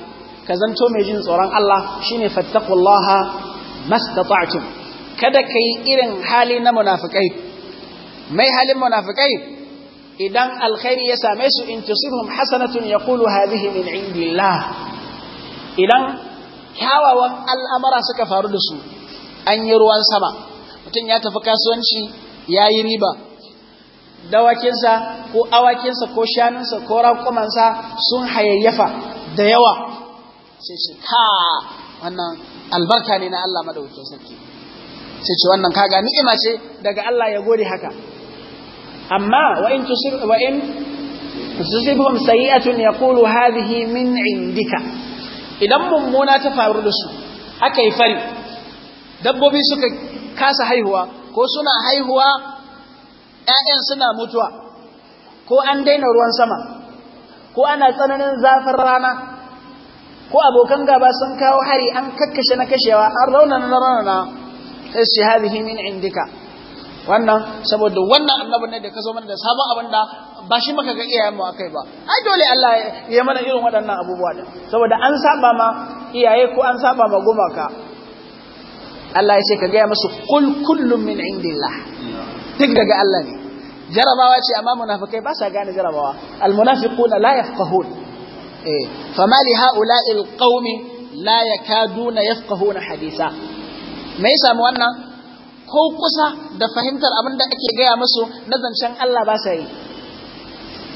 ka zanto mai jin tsoron Allah shine fattaqullaha mastata'tum kada ka yi irin hali na munafikai mai halin munafikai idan alkhairi ya same su in tusibhum hasanatun yaqulu hadhihi min indillah idan kyawawan al'amara suka faru da su an yi ruwan sama mutum ya tafi kasuwanci ya yi riba dawakinsa ko awakinsa ko shanunsa ko raƙumansa sun hayayyafa da yawa sai ce ka wannan albarka ne na Allah madaukakin sarki sai ce wannan kaga ni'ima ce daga Allah ya gode haka amma wa in tusir wa in tusibhum sayi'atun yaqulu hadhihi min indika idan mummuna ta faru da su aka yi fari dabbobi suka kasa haihuwa ko suna haihuwa ‘ya'yan suna mutuwa ko an daina ruwan sama ko ana tsananin zafin rana ko abokan gaba sun kawo hari an kakkashe na kashewa an raunana na raunana sai shi min indika wannan saboda wannan annabi ne da ka zo mana da sabon abin da ba shi maka ga iyayen mu akai ba ai dole Allah ya mana irin waɗannan abubuwa da saboda an saba ma iyaye ko an saba ma gumaka Allah ya ce ka gaya musu kul kullum min indillah duk daga Allah ne jarabawa ce amma munafikai ba sa gane jarabawa almunafiquna la yafqahun eh fama li ha'ula'il qaumi la yakaduna yafqahuna hadisa me yasa wannan ko kusa da fahimtar abin da ake gaya musu na zancen Allah ba sa yi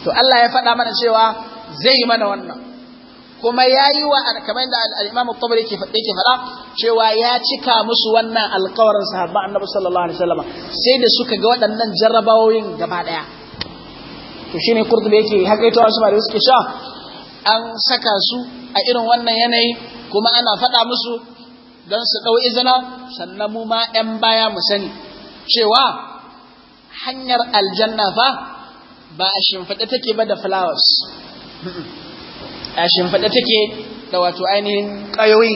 to Allah ya faɗa mana cewa zai yi mana wannan kuma ya yi wa kamar da al-Imam Tabari ke faɗe ke faɗa cewa ya cika musu wannan alƙawarin sahabba Annabi sallallahu alaihi wasallam sai da suka ga waɗannan jarrabawoyin gaba ɗaya to shine Qurtubi yake hakaito wasu malami suke sha an saka su a irin wannan yanayi kuma ana faɗa musu don su ɗau izina sannan mu ma ‘yan baya mu sani cewa hanyar aljanna fa ba a shimfiɗe take ba da flowers a shimfiɗe take da wato ainihin ƙayoyi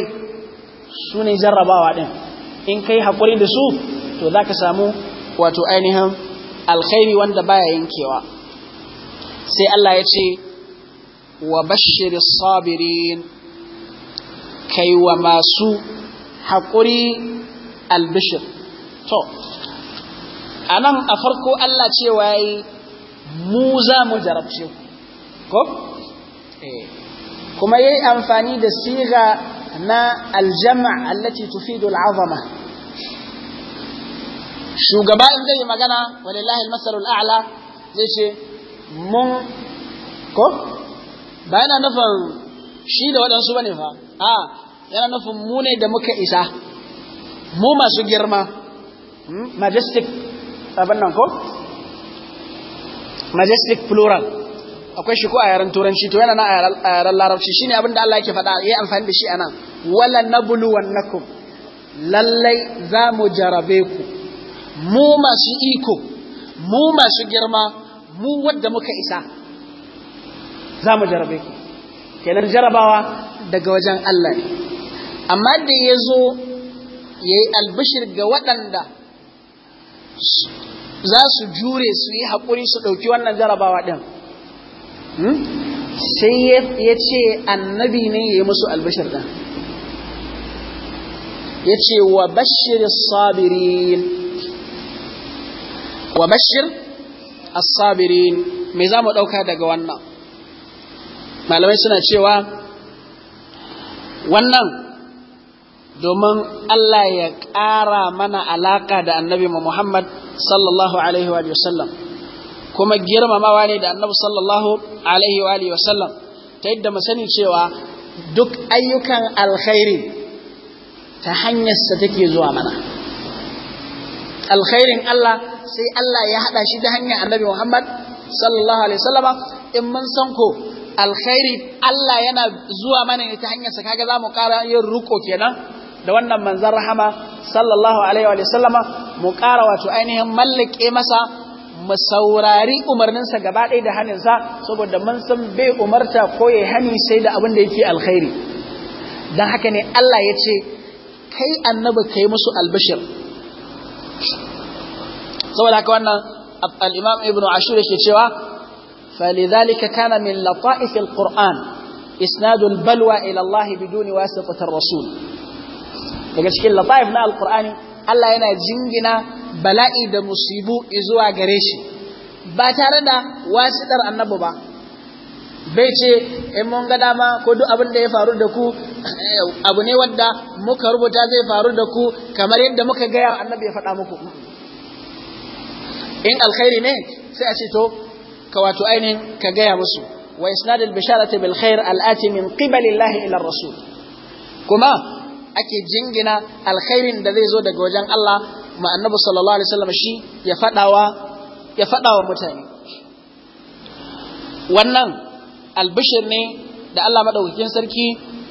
su ne jarrabawa ɗin in kai haƙuri da su to za ka samu wato ainihin alkhairi wanda baya yankewa sai Allah ya ce wa bashirin sabirin kai wa masu haƙuri albishir to a nan a farko Allah cewa yi mu za mu jarabce ku ko? Eh. kuma yayi amfani da siga na aljama allati tufidu al'azama shugaba in zai magana walillahi almasalul a'la zai ce mun ko ba nufin shi da waɗansu bane fa a yana nufin mu ne da muka isa mu masu girma hmm? majestic abin nan ko majestic plural akwai shi ko a yaren turanci to yana na a yaren larabci shine abin da Allah yake faɗa yayi amfani da shi anan wala nablu wannakum lallai za mu jarabe ku mu masu iko mu masu girma mu wadda muka isa za mu jarabe ku kenan jarabawa daga wajen Allah ne amma da ya zo ya yi albishir ga waɗanda za su jure su yi haƙuri su ɗauki wannan jarabawa ɗin hmm? sai ya ce annabi ne ya yi musu albishir ɗin ya ce wa bashir sabirin wa bashir sabirin me za mu ɗauka daga wannan malamai suna cewa wannan domin Allah ya ƙara mana alaƙa da annabi Muhammad sallallahu alaihi wa sallam kuma girmamawa ne da annabi sallallahu alaihi wa sallam ta yadda mu sani cewa duk ayyukan alkhairi ta hanyarsa take zuwa mana alkhairin Allah sai Allah ya haɗa shi da hanyar annabi Muhammad sallallahu alaihi wasallama in mun san ko alkhairi Allah yana zuwa mana ne ta hanyar sa kaga zamu ƙara yin ruko kenan da wannan manzan rahama sallallahu alaihi wa sallama mu ƙara wato ainihin mallake masa mu saurari umarninsa gaba ɗaya da haninsa saboda mun san bai umarta ko ya hani sai da abin da yake alkhairi don haka ne Allah ya ce kai annabi kai musu albishir saboda haka wannan al-imam ibn ashur yake cewa فلذلك كان من لطائف القرآن إسناد البلوى إلى الله بدون واسطة الرسول daga cikin lataif na alkur'ani Allah yana jingina bala'i da musibu zuwa gare shi ba tare da wasitar annabu ba bai ce in mun ga dama ko duk abin da ya faru da ku eh, abu ne wanda muka rubuta zai faru da ku kamar yadda muka gaya annabi ya faɗa muku in alkhairi ne sai a ce to ka wato ainihin ka gaya musu wa isnadul bisharati bil khair al'ati min qibali llahi ila rasul kuma ake jingina alkhairin da zai zo daga wajen Allah ma annabi sallallahu alaihi wasallam shi ya fadawa ya fadawa mutane wannan albishir ne da Allah madaukakin sarki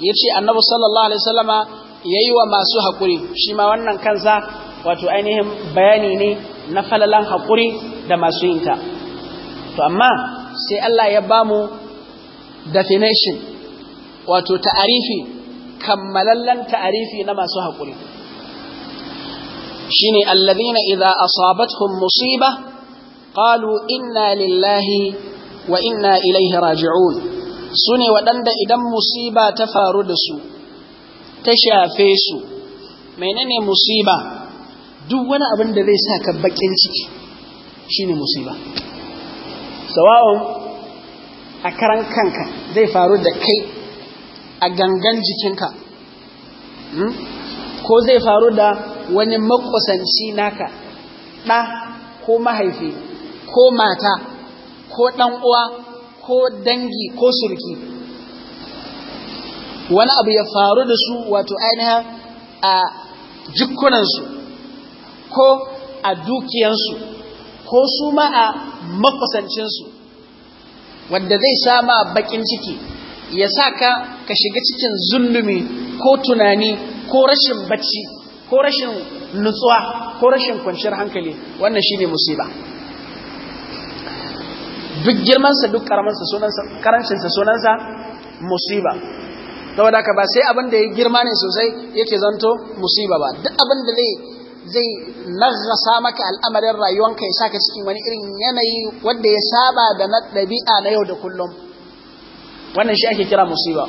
ya ce annabi sallallahu alaihi wasallama yayi wa masu hakuri shi ma wannan kansa wato ainihin bayani ne na falalan hakuri da masu yinta to amma sai Allah ya bamu definition wato ta'arifi kammalallen ta'arifi na masu haƙuri shine allazina idza asabatuhum musiba qalu inna lillahi wa inna ilaihi raji'un sune waɗanda idan musiba ta faru da su ta shafe su menene musiba duk wani abin da zai saka bakin ciki shine musiba sawa'un a karan kanka zai faru da kai a gangan jikinka hmm? ko zai faru da wani makusanci naka ɗa ko mahaifi ko mata ko uwa ko dangi ko surki wani abu ya faru da su wato ainihin a jikunansu ko a dukiyansu ko su ma a makusancinsu wanda zai sha ma bakin ciki ya sa ka ka shiga cikin zulumi ko tunani ko rashin bacci ko rashin nutsuwa ko rashin kwanciyar hankali wannan shi ne musiba duk girmansa duk karancinsa sunansa musiba saboda ka ba sai abin da ya girma ne sosai yake zanto musiba ba duk abin da zai zai nagasa maka al'amarin rayuwanka ya sa ka cikin wani irin yanayi wanda ya saba da na ɗabi'a na yau da kullum wannan shi ake kira musiba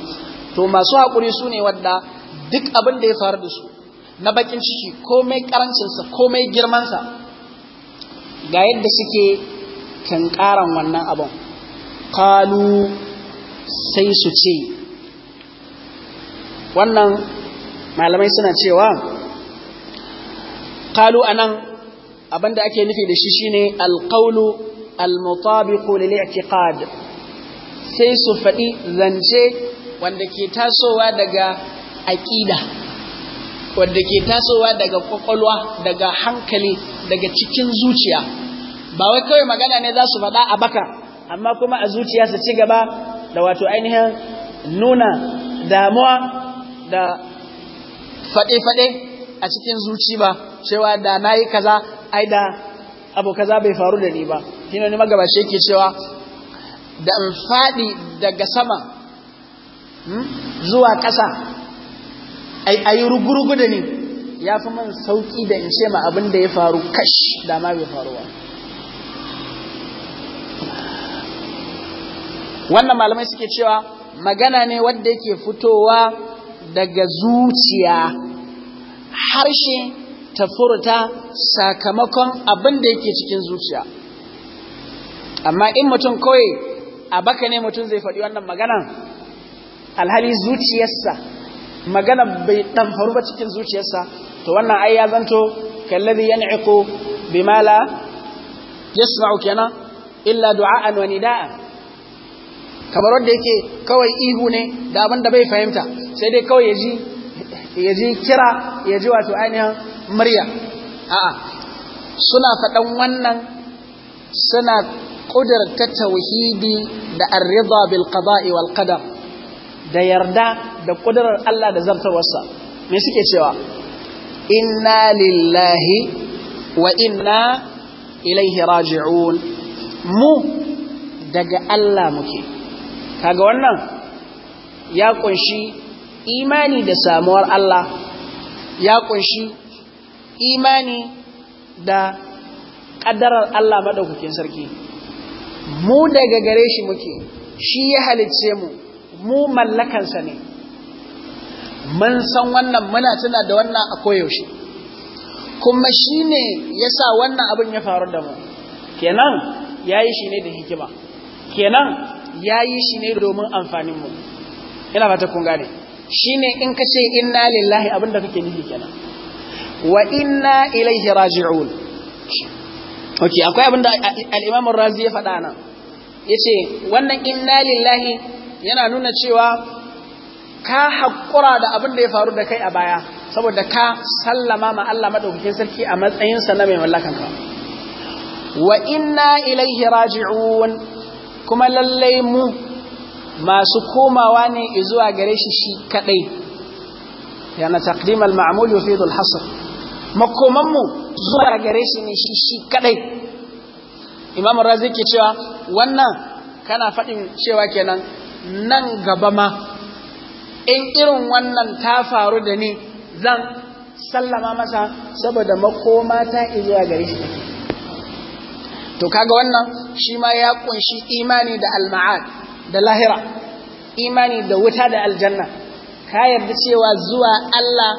to masu haƙuri su ne wadda duk abin da ya faru da su na bakin ciki komai karancinsa komai girmansa ga yadda suke tankaran wannan abin kalu sai su ce wannan malamai suna cewa kalu anan abin da ake nufi da shi shine alƙaulu al-mutabiqu lil-i'tiqad sai su faɗi zance wanda ke tasowa daga aƙida wanda ke tasowa daga ƙwaƙwalwa daga hankali daga cikin zuciya ba wai kawai magana ne za su faɗa a baka amma kuma a zuciya su ci gaba da wato ainihin nuna damuwa da faɗe-faɗe a cikin zuci ba cewa da na yi kaza ai da abu kaza bai faru da ni ba shi ne magabashi yake cewa da in faɗi daga sama hmm, zuwa ƙasa a yi rugurugu da ni ya fi man sauƙi da in ce ma abin da ya faru kash da ma bai faru ba wannan malamai suke cewa magana ne wadda yake fitowa daga zuciya harshe ta furta sakamakon abin da yake cikin zuciya amma in mutum kawai a baka ne mutum zai faɗi wannan maganan alhali zuciyarsa Maganar bai faru ba cikin zuciyarsa to wannan ai ya zanto kallabi yan'iqu bima la yasma'u kenan illa du'a'an wani da'a kamar wanda yake kawai ihu ne da abin da bai fahimta sai dai kawai yaji ji kira ji wato ainihin murya a'a suna faɗan wannan suna ta tauhidi da arriba bil qada'i wal qadar da yarda da ƙudurar Allah da zartawarsa me suke cewa inna lillahi wa inna ilaihi raji'un mu daga Allah muke kaga wannan ya kunshi imani da samuwar Allah ya kunshi imani da ƙaddarar Allah maɗaukakin sarki mu daga gare shi muke shi ya halicce mu mu mallakansa ne mun san wannan muna tana da wannan a koyaushe kuma shi ne ya sa wannan abin ya faru da mu kenan ya yi shi ne da hikima kenan ya yi shi ne domin amfaninmu ina ta kunga ne. shi ne in ka ce inna lillahi abin da kake nufi kenan wa inna ilaihi raji'un ok akwai abin da al'imamun razi ya faɗa nan ya ce wannan inna lillahi yana nuna cewa ka haƙura da abin da ya faru da kai a baya saboda ka sallama ma Allah maɗaukakin sarki a matsayinsa na mai mallakan ka wa inna ilaihi raji'un kuma lallai mu masu komawa ne zuwa gare shi shi kaɗai yana taqdim al-ma'mul hasar al makoman zuwa gare shi ne shi shi kadai imam razi ke cewa wannan kana faɗin cewa kenan nan gaba ma in irin wannan ta faru da ni zan sallama masa saboda makoma ta zuwa gare shi to kaga wannan shi ma ya kunshi imani da alma'ad da lahira imani da wuta da aljanna ka yarda cewa zuwa Allah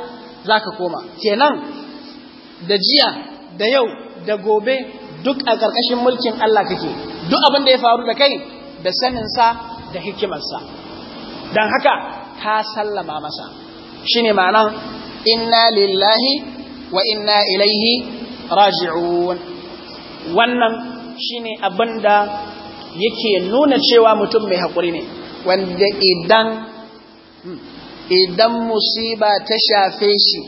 za ka koma kenan da jiya da yau da gobe duk a ƙarƙashin mulkin Allah kake duk abin da ya faru da kai da saninsa da hikimarsa don haka ka sallama masa shi ne ma'anan inna lillahi wa inna ilaihi raji'un wannan shi ne abin da yake nuna cewa mutum mai haƙuri ne wanda idan hmm, idan musiba ta shafe shi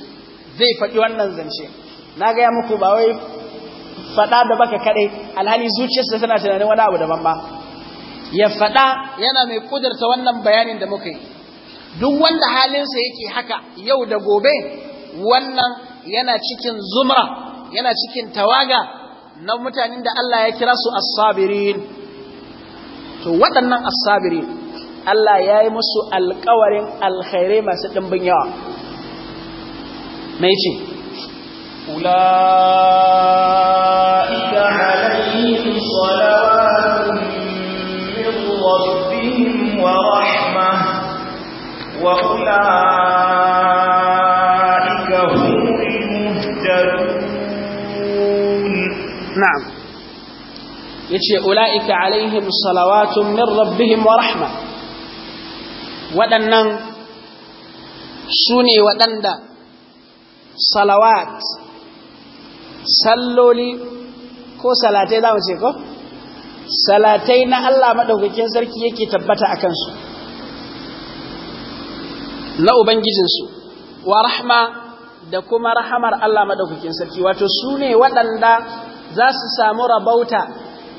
zai faɗi wannan zance na gaya muku ba wai faɗa da baka kaɗai alhali zuciyarsa tana tunanin wani abu daban ba ya faɗa yana mai ƙudurta wannan bayanin da muka yi duk wanda halinsa yake haka yau da gobe wannan yana cikin zumra yana cikin tawaga na mutanen da Allah ya kira su as-sabirin to waɗannan as-sabirin Allah ya yi musu alkawarin alkhairai masu ɗimbin yawa mai ce أولئك عليهم صلوات من ربهم ورحمة وأولئك هم المهتدون نعم أولئك عليهم صلوات من ربهم ورحمة salawat salloli ko salatai za mu ce ko salatai na Allah maɗaukakin sarki yake tabbata a kansu na Ubangijinsu wa rahma da kuma rahamar Allah maɗaukakin sarki wato su ne waɗanda za su samu rabauta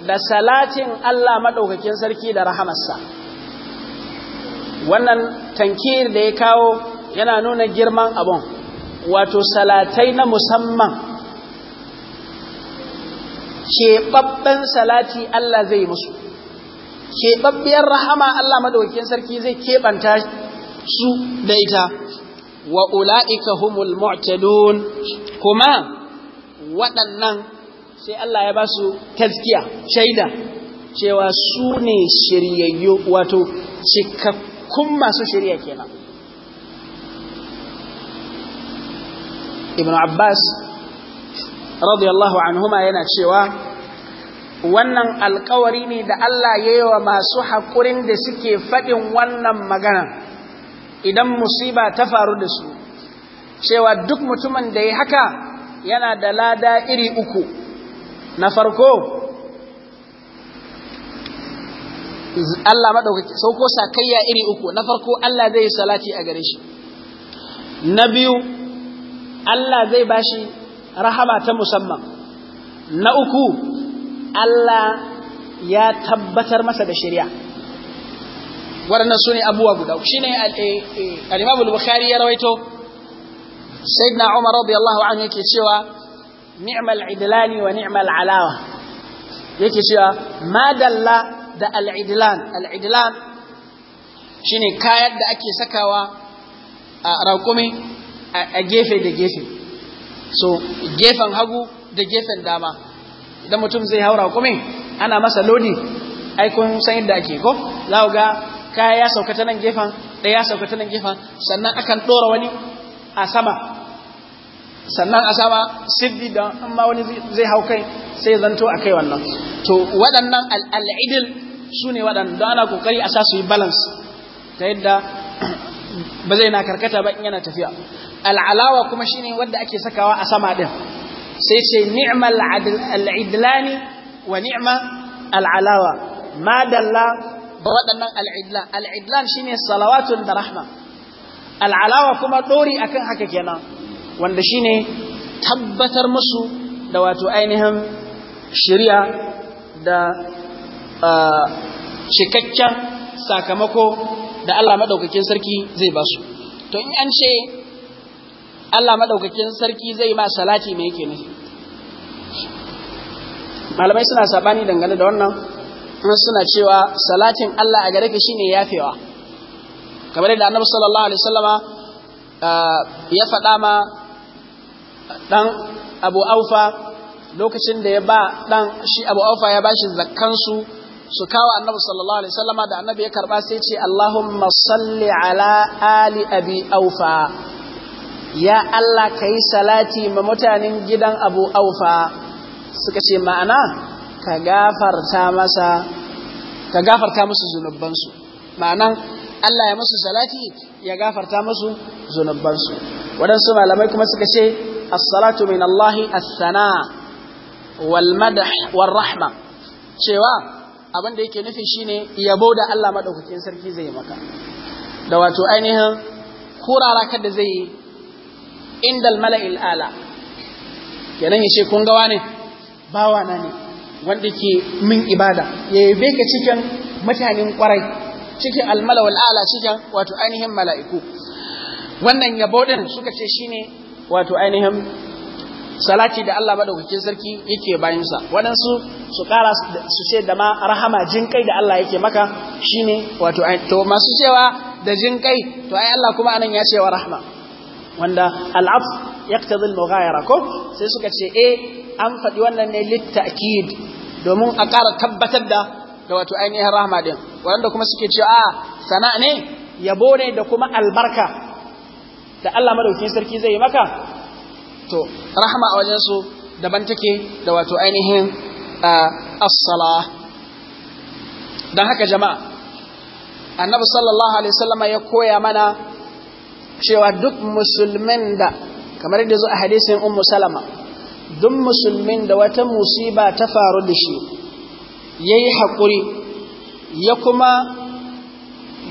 da salatin Allah maɗaukakin sarki da rahamarsa wannan tankir da ya kawo yana nuna girman abun wato salatai na musamman keɓaɓɓen salati Allah zai musu keɓaɓɓiyar rahama Allah madaukakin sarki zai keɓanta su da ita wa ula'ika humul mu'tadun kuma waɗannan sai Allah ya basu su tazkiya shaida cewa su ne shiryayyu wato cikakkun masu shirya kenan Ibn Abbas radiyallahu anhuma yana cewa wannan alkawari ne da Allah ya yi wa masu haƙurin da suke faɗin wannan magana idan musiba ta faru da su cewa duk mutumin da ya haka yana da lada iri uku na farko Allah maɗaukaki sauko sakayya iri uku na farko Allah zai yi salati a gare shi na biyu Allah zai bashi rahama ta musamman na uku Allah ya tabbatar masa da shari'a waɗannan su ne abubuwa guda shi ne eh, eh, al'imamul bukhari ya rawaito sayyidina umar radiyallahu anhu yake cewa ni'mal idlani wa ni'mal alawa yake cewa ma dalla da al'idlan al'idlan shine kayan da ake sakawa a raƙumi a gefe da gefe so gefen hagu da gefen dama idan mutum zai haura kumin ana masa lodi ai kun san yadda ake ko za ku ga kaya ya sauka ta nan gefen ɗaya ya sauka ta nan gefen sannan akan ɗora wani a sama sannan a sama siddi da amma wani zai hau kai sai zanto a kai wannan to waɗannan al'idil su ne waɗannan don ana kokari a sa su yi balance ta yadda ba zai na karkata ba in yana tafiya al'alawa kuma shine wadda ake sakawa a sama ɗin sai ce ni'mal al'idlani wa ni'ma al'alawa ma dalla da waɗannan al'idlan al'idlan shine salawatun da rahma al'alawa kuma ɗori akan haka kenan wanda shine tabbatar musu da wato ainihin shirya da cikakken sakamako da Allah maɗaukakin sarki zai basu to in an ce Allah madaukakin sarki zai ma salati me yake nufi malamai suna sabani dangane da wannan kuma suna cewa salatin Allah a gare ka shine yafewa kamar da Annabi sallallahu alaihi wasallama ya faɗa ma dan Abu Aufa lokacin da ya ba dan shi Abu Aufa ya bashi zakkan su su kawo Annabi sallallahu alaihi wasallama da Annabi ya karba sai ce Allahumma salli ala ali abi Aufa ya Allah ka yi salati ma mutanen gidan abu aufa suka ce ma'ana ka gafarta masa musu zunubansu ma'ana Allah ya musu salati ya gafarta musu zunubansu waɗansu malamai kuma suka ce assalatu min Allahi as-sana wal rahma cewa abin da yake nufi shine yabo da Allah madaukakin sarki zai maka da wato ainihin kurara kada zai yi al mala'il ala kenan ya ce kun gawa ne bawa na ne wanda ke min ibada ya yabe ka cikin mutanen kwarai cikin almala wal ala cikin wato ainihin mala'iku wannan yabo din suka ce shine wato ainihin salati da Allah madaukakin sarki yake sa. waɗansu su ƙara su ce da ma rahama jin kai da Allah yake maka shine wato to masu cewa da jin kai to ai Allah kuma anan ya ce wa rahama. wanda al'af yaqtadi al-mughayara ko sai suka ce e an faɗi wannan ne litta'kid domin a ƙara tabbatar da da wato ainihin rahma din wanda kuma suke cewa a ah, sana ne yabo ne da kuma albarka da Allah madaukakin sarki zai yi maka to rahama a wajen su daban take da wato ainihin ah, as-sala dan haka jama'a annabi sallallahu alaihi wasallama ya koya mana cewa duk musulmin da kamar da zo a hadisin ummu salama duk musulmin da wata musiba ta faru da shi yayi hakuri ya kuma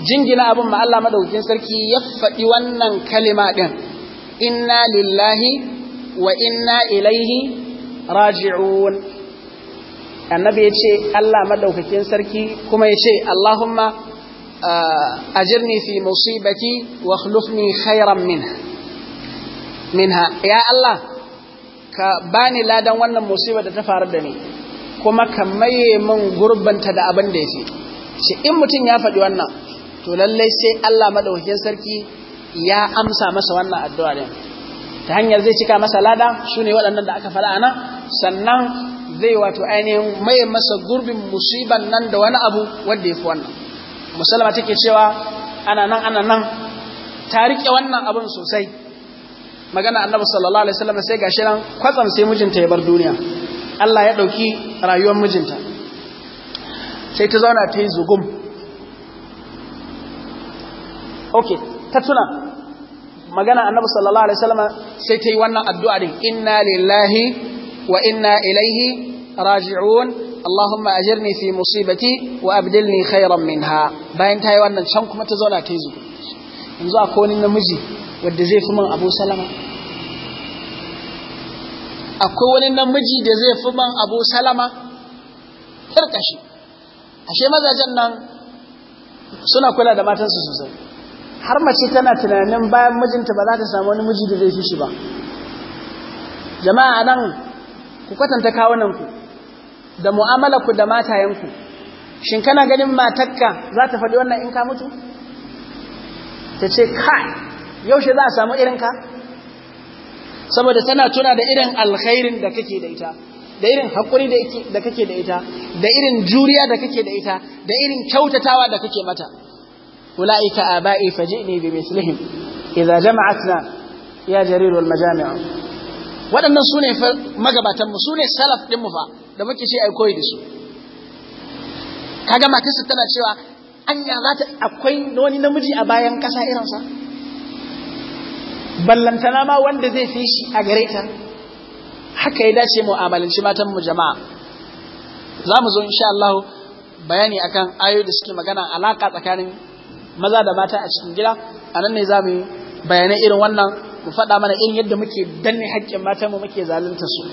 jingina abin ma Allah sarki ya faɗi wannan kalima ɗin inna lillahi wa inna ilaihi raji'un annabi ya ce Allah madaukakin sarki kuma ya ce Allahumma أجرني في مصيبتي واخلفني خيرا منها منها يا الله كباني لا دان wannan musibar da ta faru da ni kuma ka maye min gurbanta da abin da yake shi in mutum ya faɗi wannan to lallai sai Allah madaukakin sarki ya amsa masa wannan addu'a din ta hanyar zai cika masa lada su ne waɗannan da aka faɗa ana sannan zai wato ainihin maye masa gurbin musiban nan da wani abu wanda ya fi wannan musulma take cewa ana nan ana nan ta riƙe wannan abin sosai magana annabi sallallahu alaihi wasallam sai gashi nan kwatsam sai mijinta ya bar duniya Allah ya ɗauki rayuwar mijinta sai ta zauna ta yi zugum ok ta tuna magana annabi sallallahu alaihi wasallam sai ta yi wannan addu'a din inna lillahi wa inna ilaihi raji'un Allahumma ajirni fi musibati wa abdilni khairan minha bayan ta yi wannan can kuma ta zauna ta yi zuwa yanzu akwai wani namiji wadda zai fi man abu salama akwai wani namiji da zai fi man abu salama karkashi ashe mazajen nan suna kula da matansu sosai har mace tana tunanin bayan mijinta ba za ta samu wani miji da zai fi shi ba jama'a nan ku kwatanta kawunan ku da mu'amalarku da matayenku shin kana ganin matakka za ta faɗi wannan in ka mutu ta ce kai yaushe za a samu irinka saboda tana tuna da irin alkhairin da kake da ita da irin haƙuri da kake da ita da irin juriya da kake da ita da irin kyautatawa da kake mata ula'ika aba'i faji'ni bi mislihim idza jama'atna ya jarirul majami'a waɗannan sune magabatan mu sune salaf din mu fa da muke ce ai koyi da su kaga su tana cewa anya za ta akwai wani namiji a bayan kasa irinsa ballantana ma wanda zai fi shi a gare ta haka ya dace mu mu'amalanci matan mu jama'a za mu zo insha Allah bayani akan ayoyi da suke magana alaka tsakanin maza da mata a cikin gida a nan ne za mu yi bayanai irin wannan mu faɗa mana irin yadda muke danne haƙƙin matan mu muke zalunta su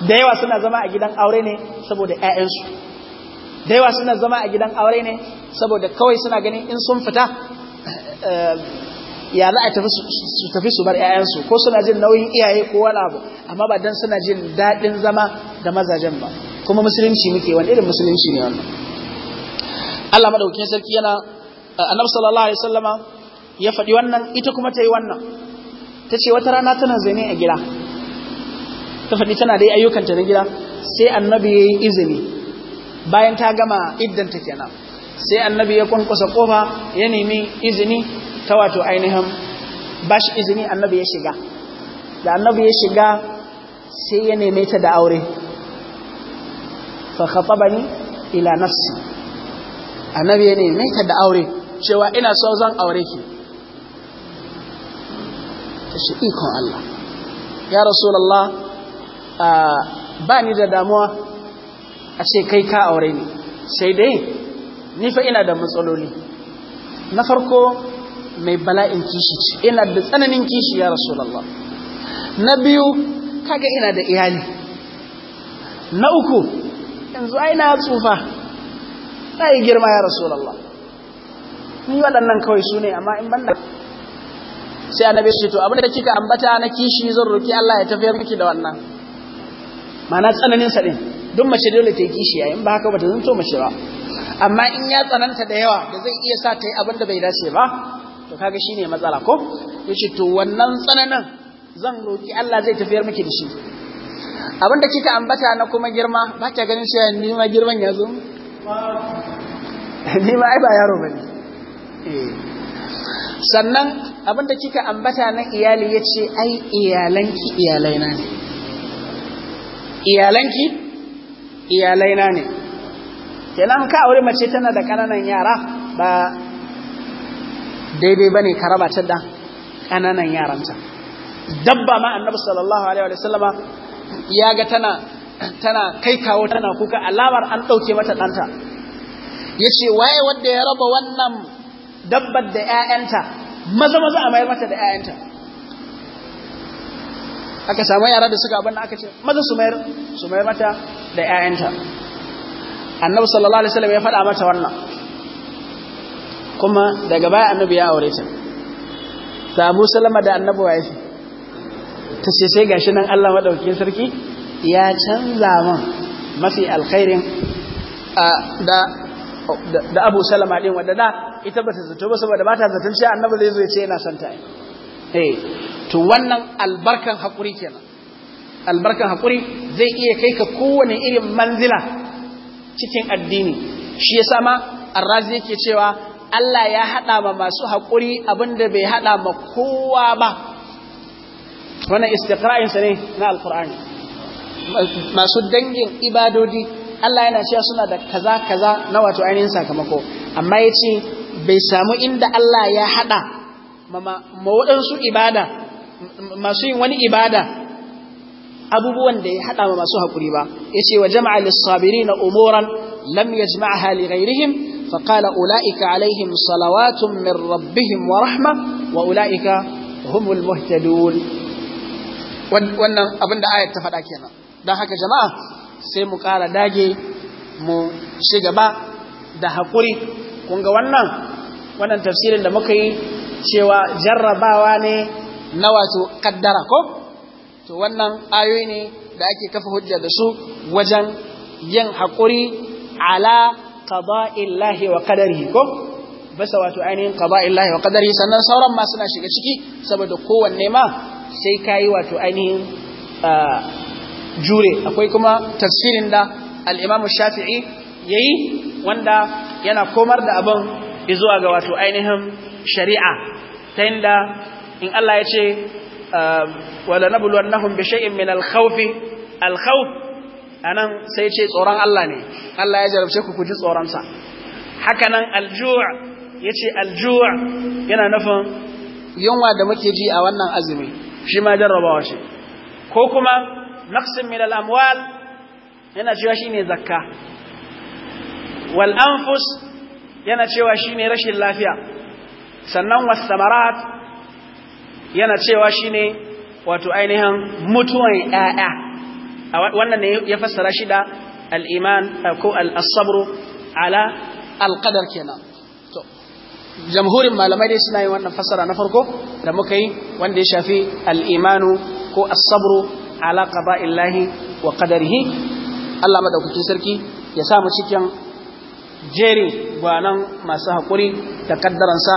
da yawa suna zama a gidan aure ne saboda ‘ya'yansu da yawa suna zama a gidan aure ne saboda kawai suna ganin in sun fita eh, ya za a tafi su bar ‘ya'yansu ko suna jin nauyin iyaye ko wani abu amma ba don suna jin daɗin zama da mazajen ba kuma musulunci muke wani irin musulunci ne wannan Allah madaukakin sarki yana eh, annabi sallallahu alaihi wasallama ya faɗi wannan ita kuma ta yi wannan ta ce wata rana tana zaune a gida ta faɗi tana dai ayyukanta na gida sai annabi ya yi izini bayan ta gama iddanta kenan sai annabi ya kwankwasa kofa ya nemi izini ta wato ainihin ba shi izini annabi ya shiga da annabi ya shiga sai ya neme ta da aure ba ni ila nafsi annabi ya neme ta da aure cewa ina so zan aure ki ta shi ikon Allah ya rasulullah ba ni da damuwa a ce kai ka aure ni sai dai ni fa ina da matsaloli na farko mai bala'in kishi ce ina da tsananin kishi ya rasulullah na biyu kaga ina da iyali na uku yanzu ai na tsufa na yi girma ya rasulullah ni waɗannan kawai su ne amma in banda sai annabi shi to abin da kika ambata na kishi zan roki Allah ya tafiyar miki da wannan ma'ana tsananin sa din duk mace dole ta yi kishi yayin ba haka ba ta zanto mace ba amma in ya tsananta da yawa da zai iya sa ta yi abin da bai dace ba to kaga shine matsala ko yace to wannan tsananin zan roki Allah zai tafiyar miki da shi abin da kika ambata na kuma girma ba ta ganin shi ni ma girman ya zo ni ma ai ba yaro bane eh. sannan abin da kika ambata na iyali yace ai iyalanki iyalaina ne iyalanki iyalaina ne kenan ka aure mace tana da kananan yara ba daidai bane ka raba ta da ƙananan yaranta dabba ma annabi sallallahu alaihi wa sallama ya ga tana tana kai kawo tana kuka alamar an ɗauke mata ɗanta yace waye wanda ya raba wannan dabbar da ‘ya'yanta maza maza a mayar mata da ‘ya'yanta aka samu yara da suka abinda aka ce maza su mayar su mayar mata da ƴaƴanta annabi sallallahu alaihi wasallam ya faɗa mata wannan kuma daga baya annabi ya aure ta ta Abu Salama da annabi wa yafi ta ce sai gashi nan Allah madaukakin sarki ya canza min mafi alkhairin da da Abu Salama din wanda da ita bata zato ba saboda bata zaton cewa annabi zai zo ya ce yana son ta eh to wannan albarkan haƙuri kenan albarkan haƙuri zai iya kai ka kowane irin manzila cikin addini shi ya ma. arrazi yake cewa Allah ya haɗa ma masu haƙuri abinda bai haɗa ma kowa ba wannan istiqra'insa ne na alkur'ani masu dangin ibadodi Allah yana cewa suna da kaza kaza na wato ainihin sakamako amma ya ce bai samu inda Allah ya haɗa ma waɗansu ibada masu yin wani ibada abubuwan da ya haɗa wa masu haƙuri ba ya ce wa jama'a lissabiri na umuran lam ya jima'a hali gairihim faƙala ula'ika alaihim salawatun min rabbihim wa rahma wa ula'ika humul muhtadun wannan abin da ayat ta faɗa kenan don haka jama'a sai mu ƙara dage mu ci gaba da haƙuri kun ga wannan wannan tafsirin da muka yi cewa jarrabawa ne na wato kaddara ko to wannan ayoyi ne da ake kafa hujja da su wajen yin haƙuri ala qada'illahi wa qadarihi ko basa wato ainihin qada'illahi wa qadarihi sannan sauran ma suna shiga ciki saboda kowanne ma sai kai wato ainihin jure akwai kuma tafsirin da al-Imam Shafi'i yayi wanda yana komar da abin zuwa ga wato ainihin shari'a ta inda in Allah ya ce um, wala nabluwannahum bi shay'in min al-khawfi anan sai ce tsoron Allah ne Allah ya jarabce ku ku ji tsoronsa. Hakanan haka nan al-ju' yace al yana nufin yunwa da muke ji a wannan azumi shi ma jarrabawa shi ko kuma naqsin min al-amwal yana cewa shine zakka wal anfus yana cewa shine rashin lafiya sannan wasu samarat yana cewa shine wato ainihin mutuwan yaya wannan ne ya fassara shi da al'iman ko al ala al kenan to jamhurin malamai dai suna yi wannan fassara na farko da muka yi wanda ya shafi al ko asabru ala ala illahi wa qadarihi Allah madaukakin sarki ya samu cikin jeri gwanan masu haƙuri da ƙaddaransa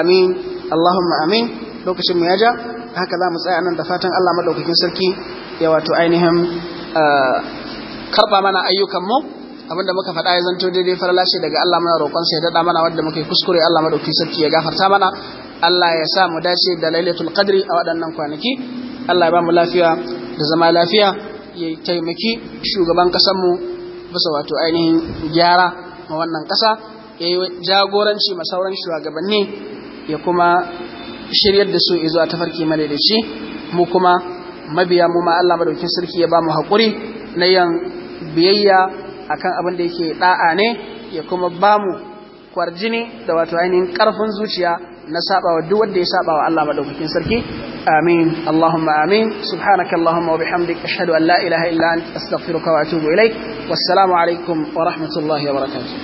amin Allahumma amin lokacin mu ya ja haka za mu tsaya nan da fatan Allah madaukakin sarki ya wato ainihin eh, karba mana ayyukan mu abinda muka faɗa ya zanto daidai farlashi daga Allah mana roƙon sa ya dada mana wanda muka kuskure Allah madaukakin sarki ya gafarta mana Allah ya sa mu dace da Lailatul Qadri a waɗannan kwanaki Allah ya ba mu lafiya da zama lafiya ya taimaki shugaban kasar mu bisa wato ainihin gyara ma wannan ƙasa ya yi jagoranci ma sauran shugabanni ya kuma shiryar da su a tafarki madaidaici mu kuma mabiya mu ma Allah madaukin sarki ya ba mu hakuri na yan biyayya akan abin da yake da'a ne ya kuma ba mu kwarjini da wato ainihin karfin zuciya na sabawa duk wanda ya wa Allah madaukakin sarki amin allahumma amin subhanaka allahumma wa bihamdik ashhadu an la ilaha illa anta astaghfiruka wa atubu ilaik wassalamu alaikum wa rahmatullahi wa barakatuh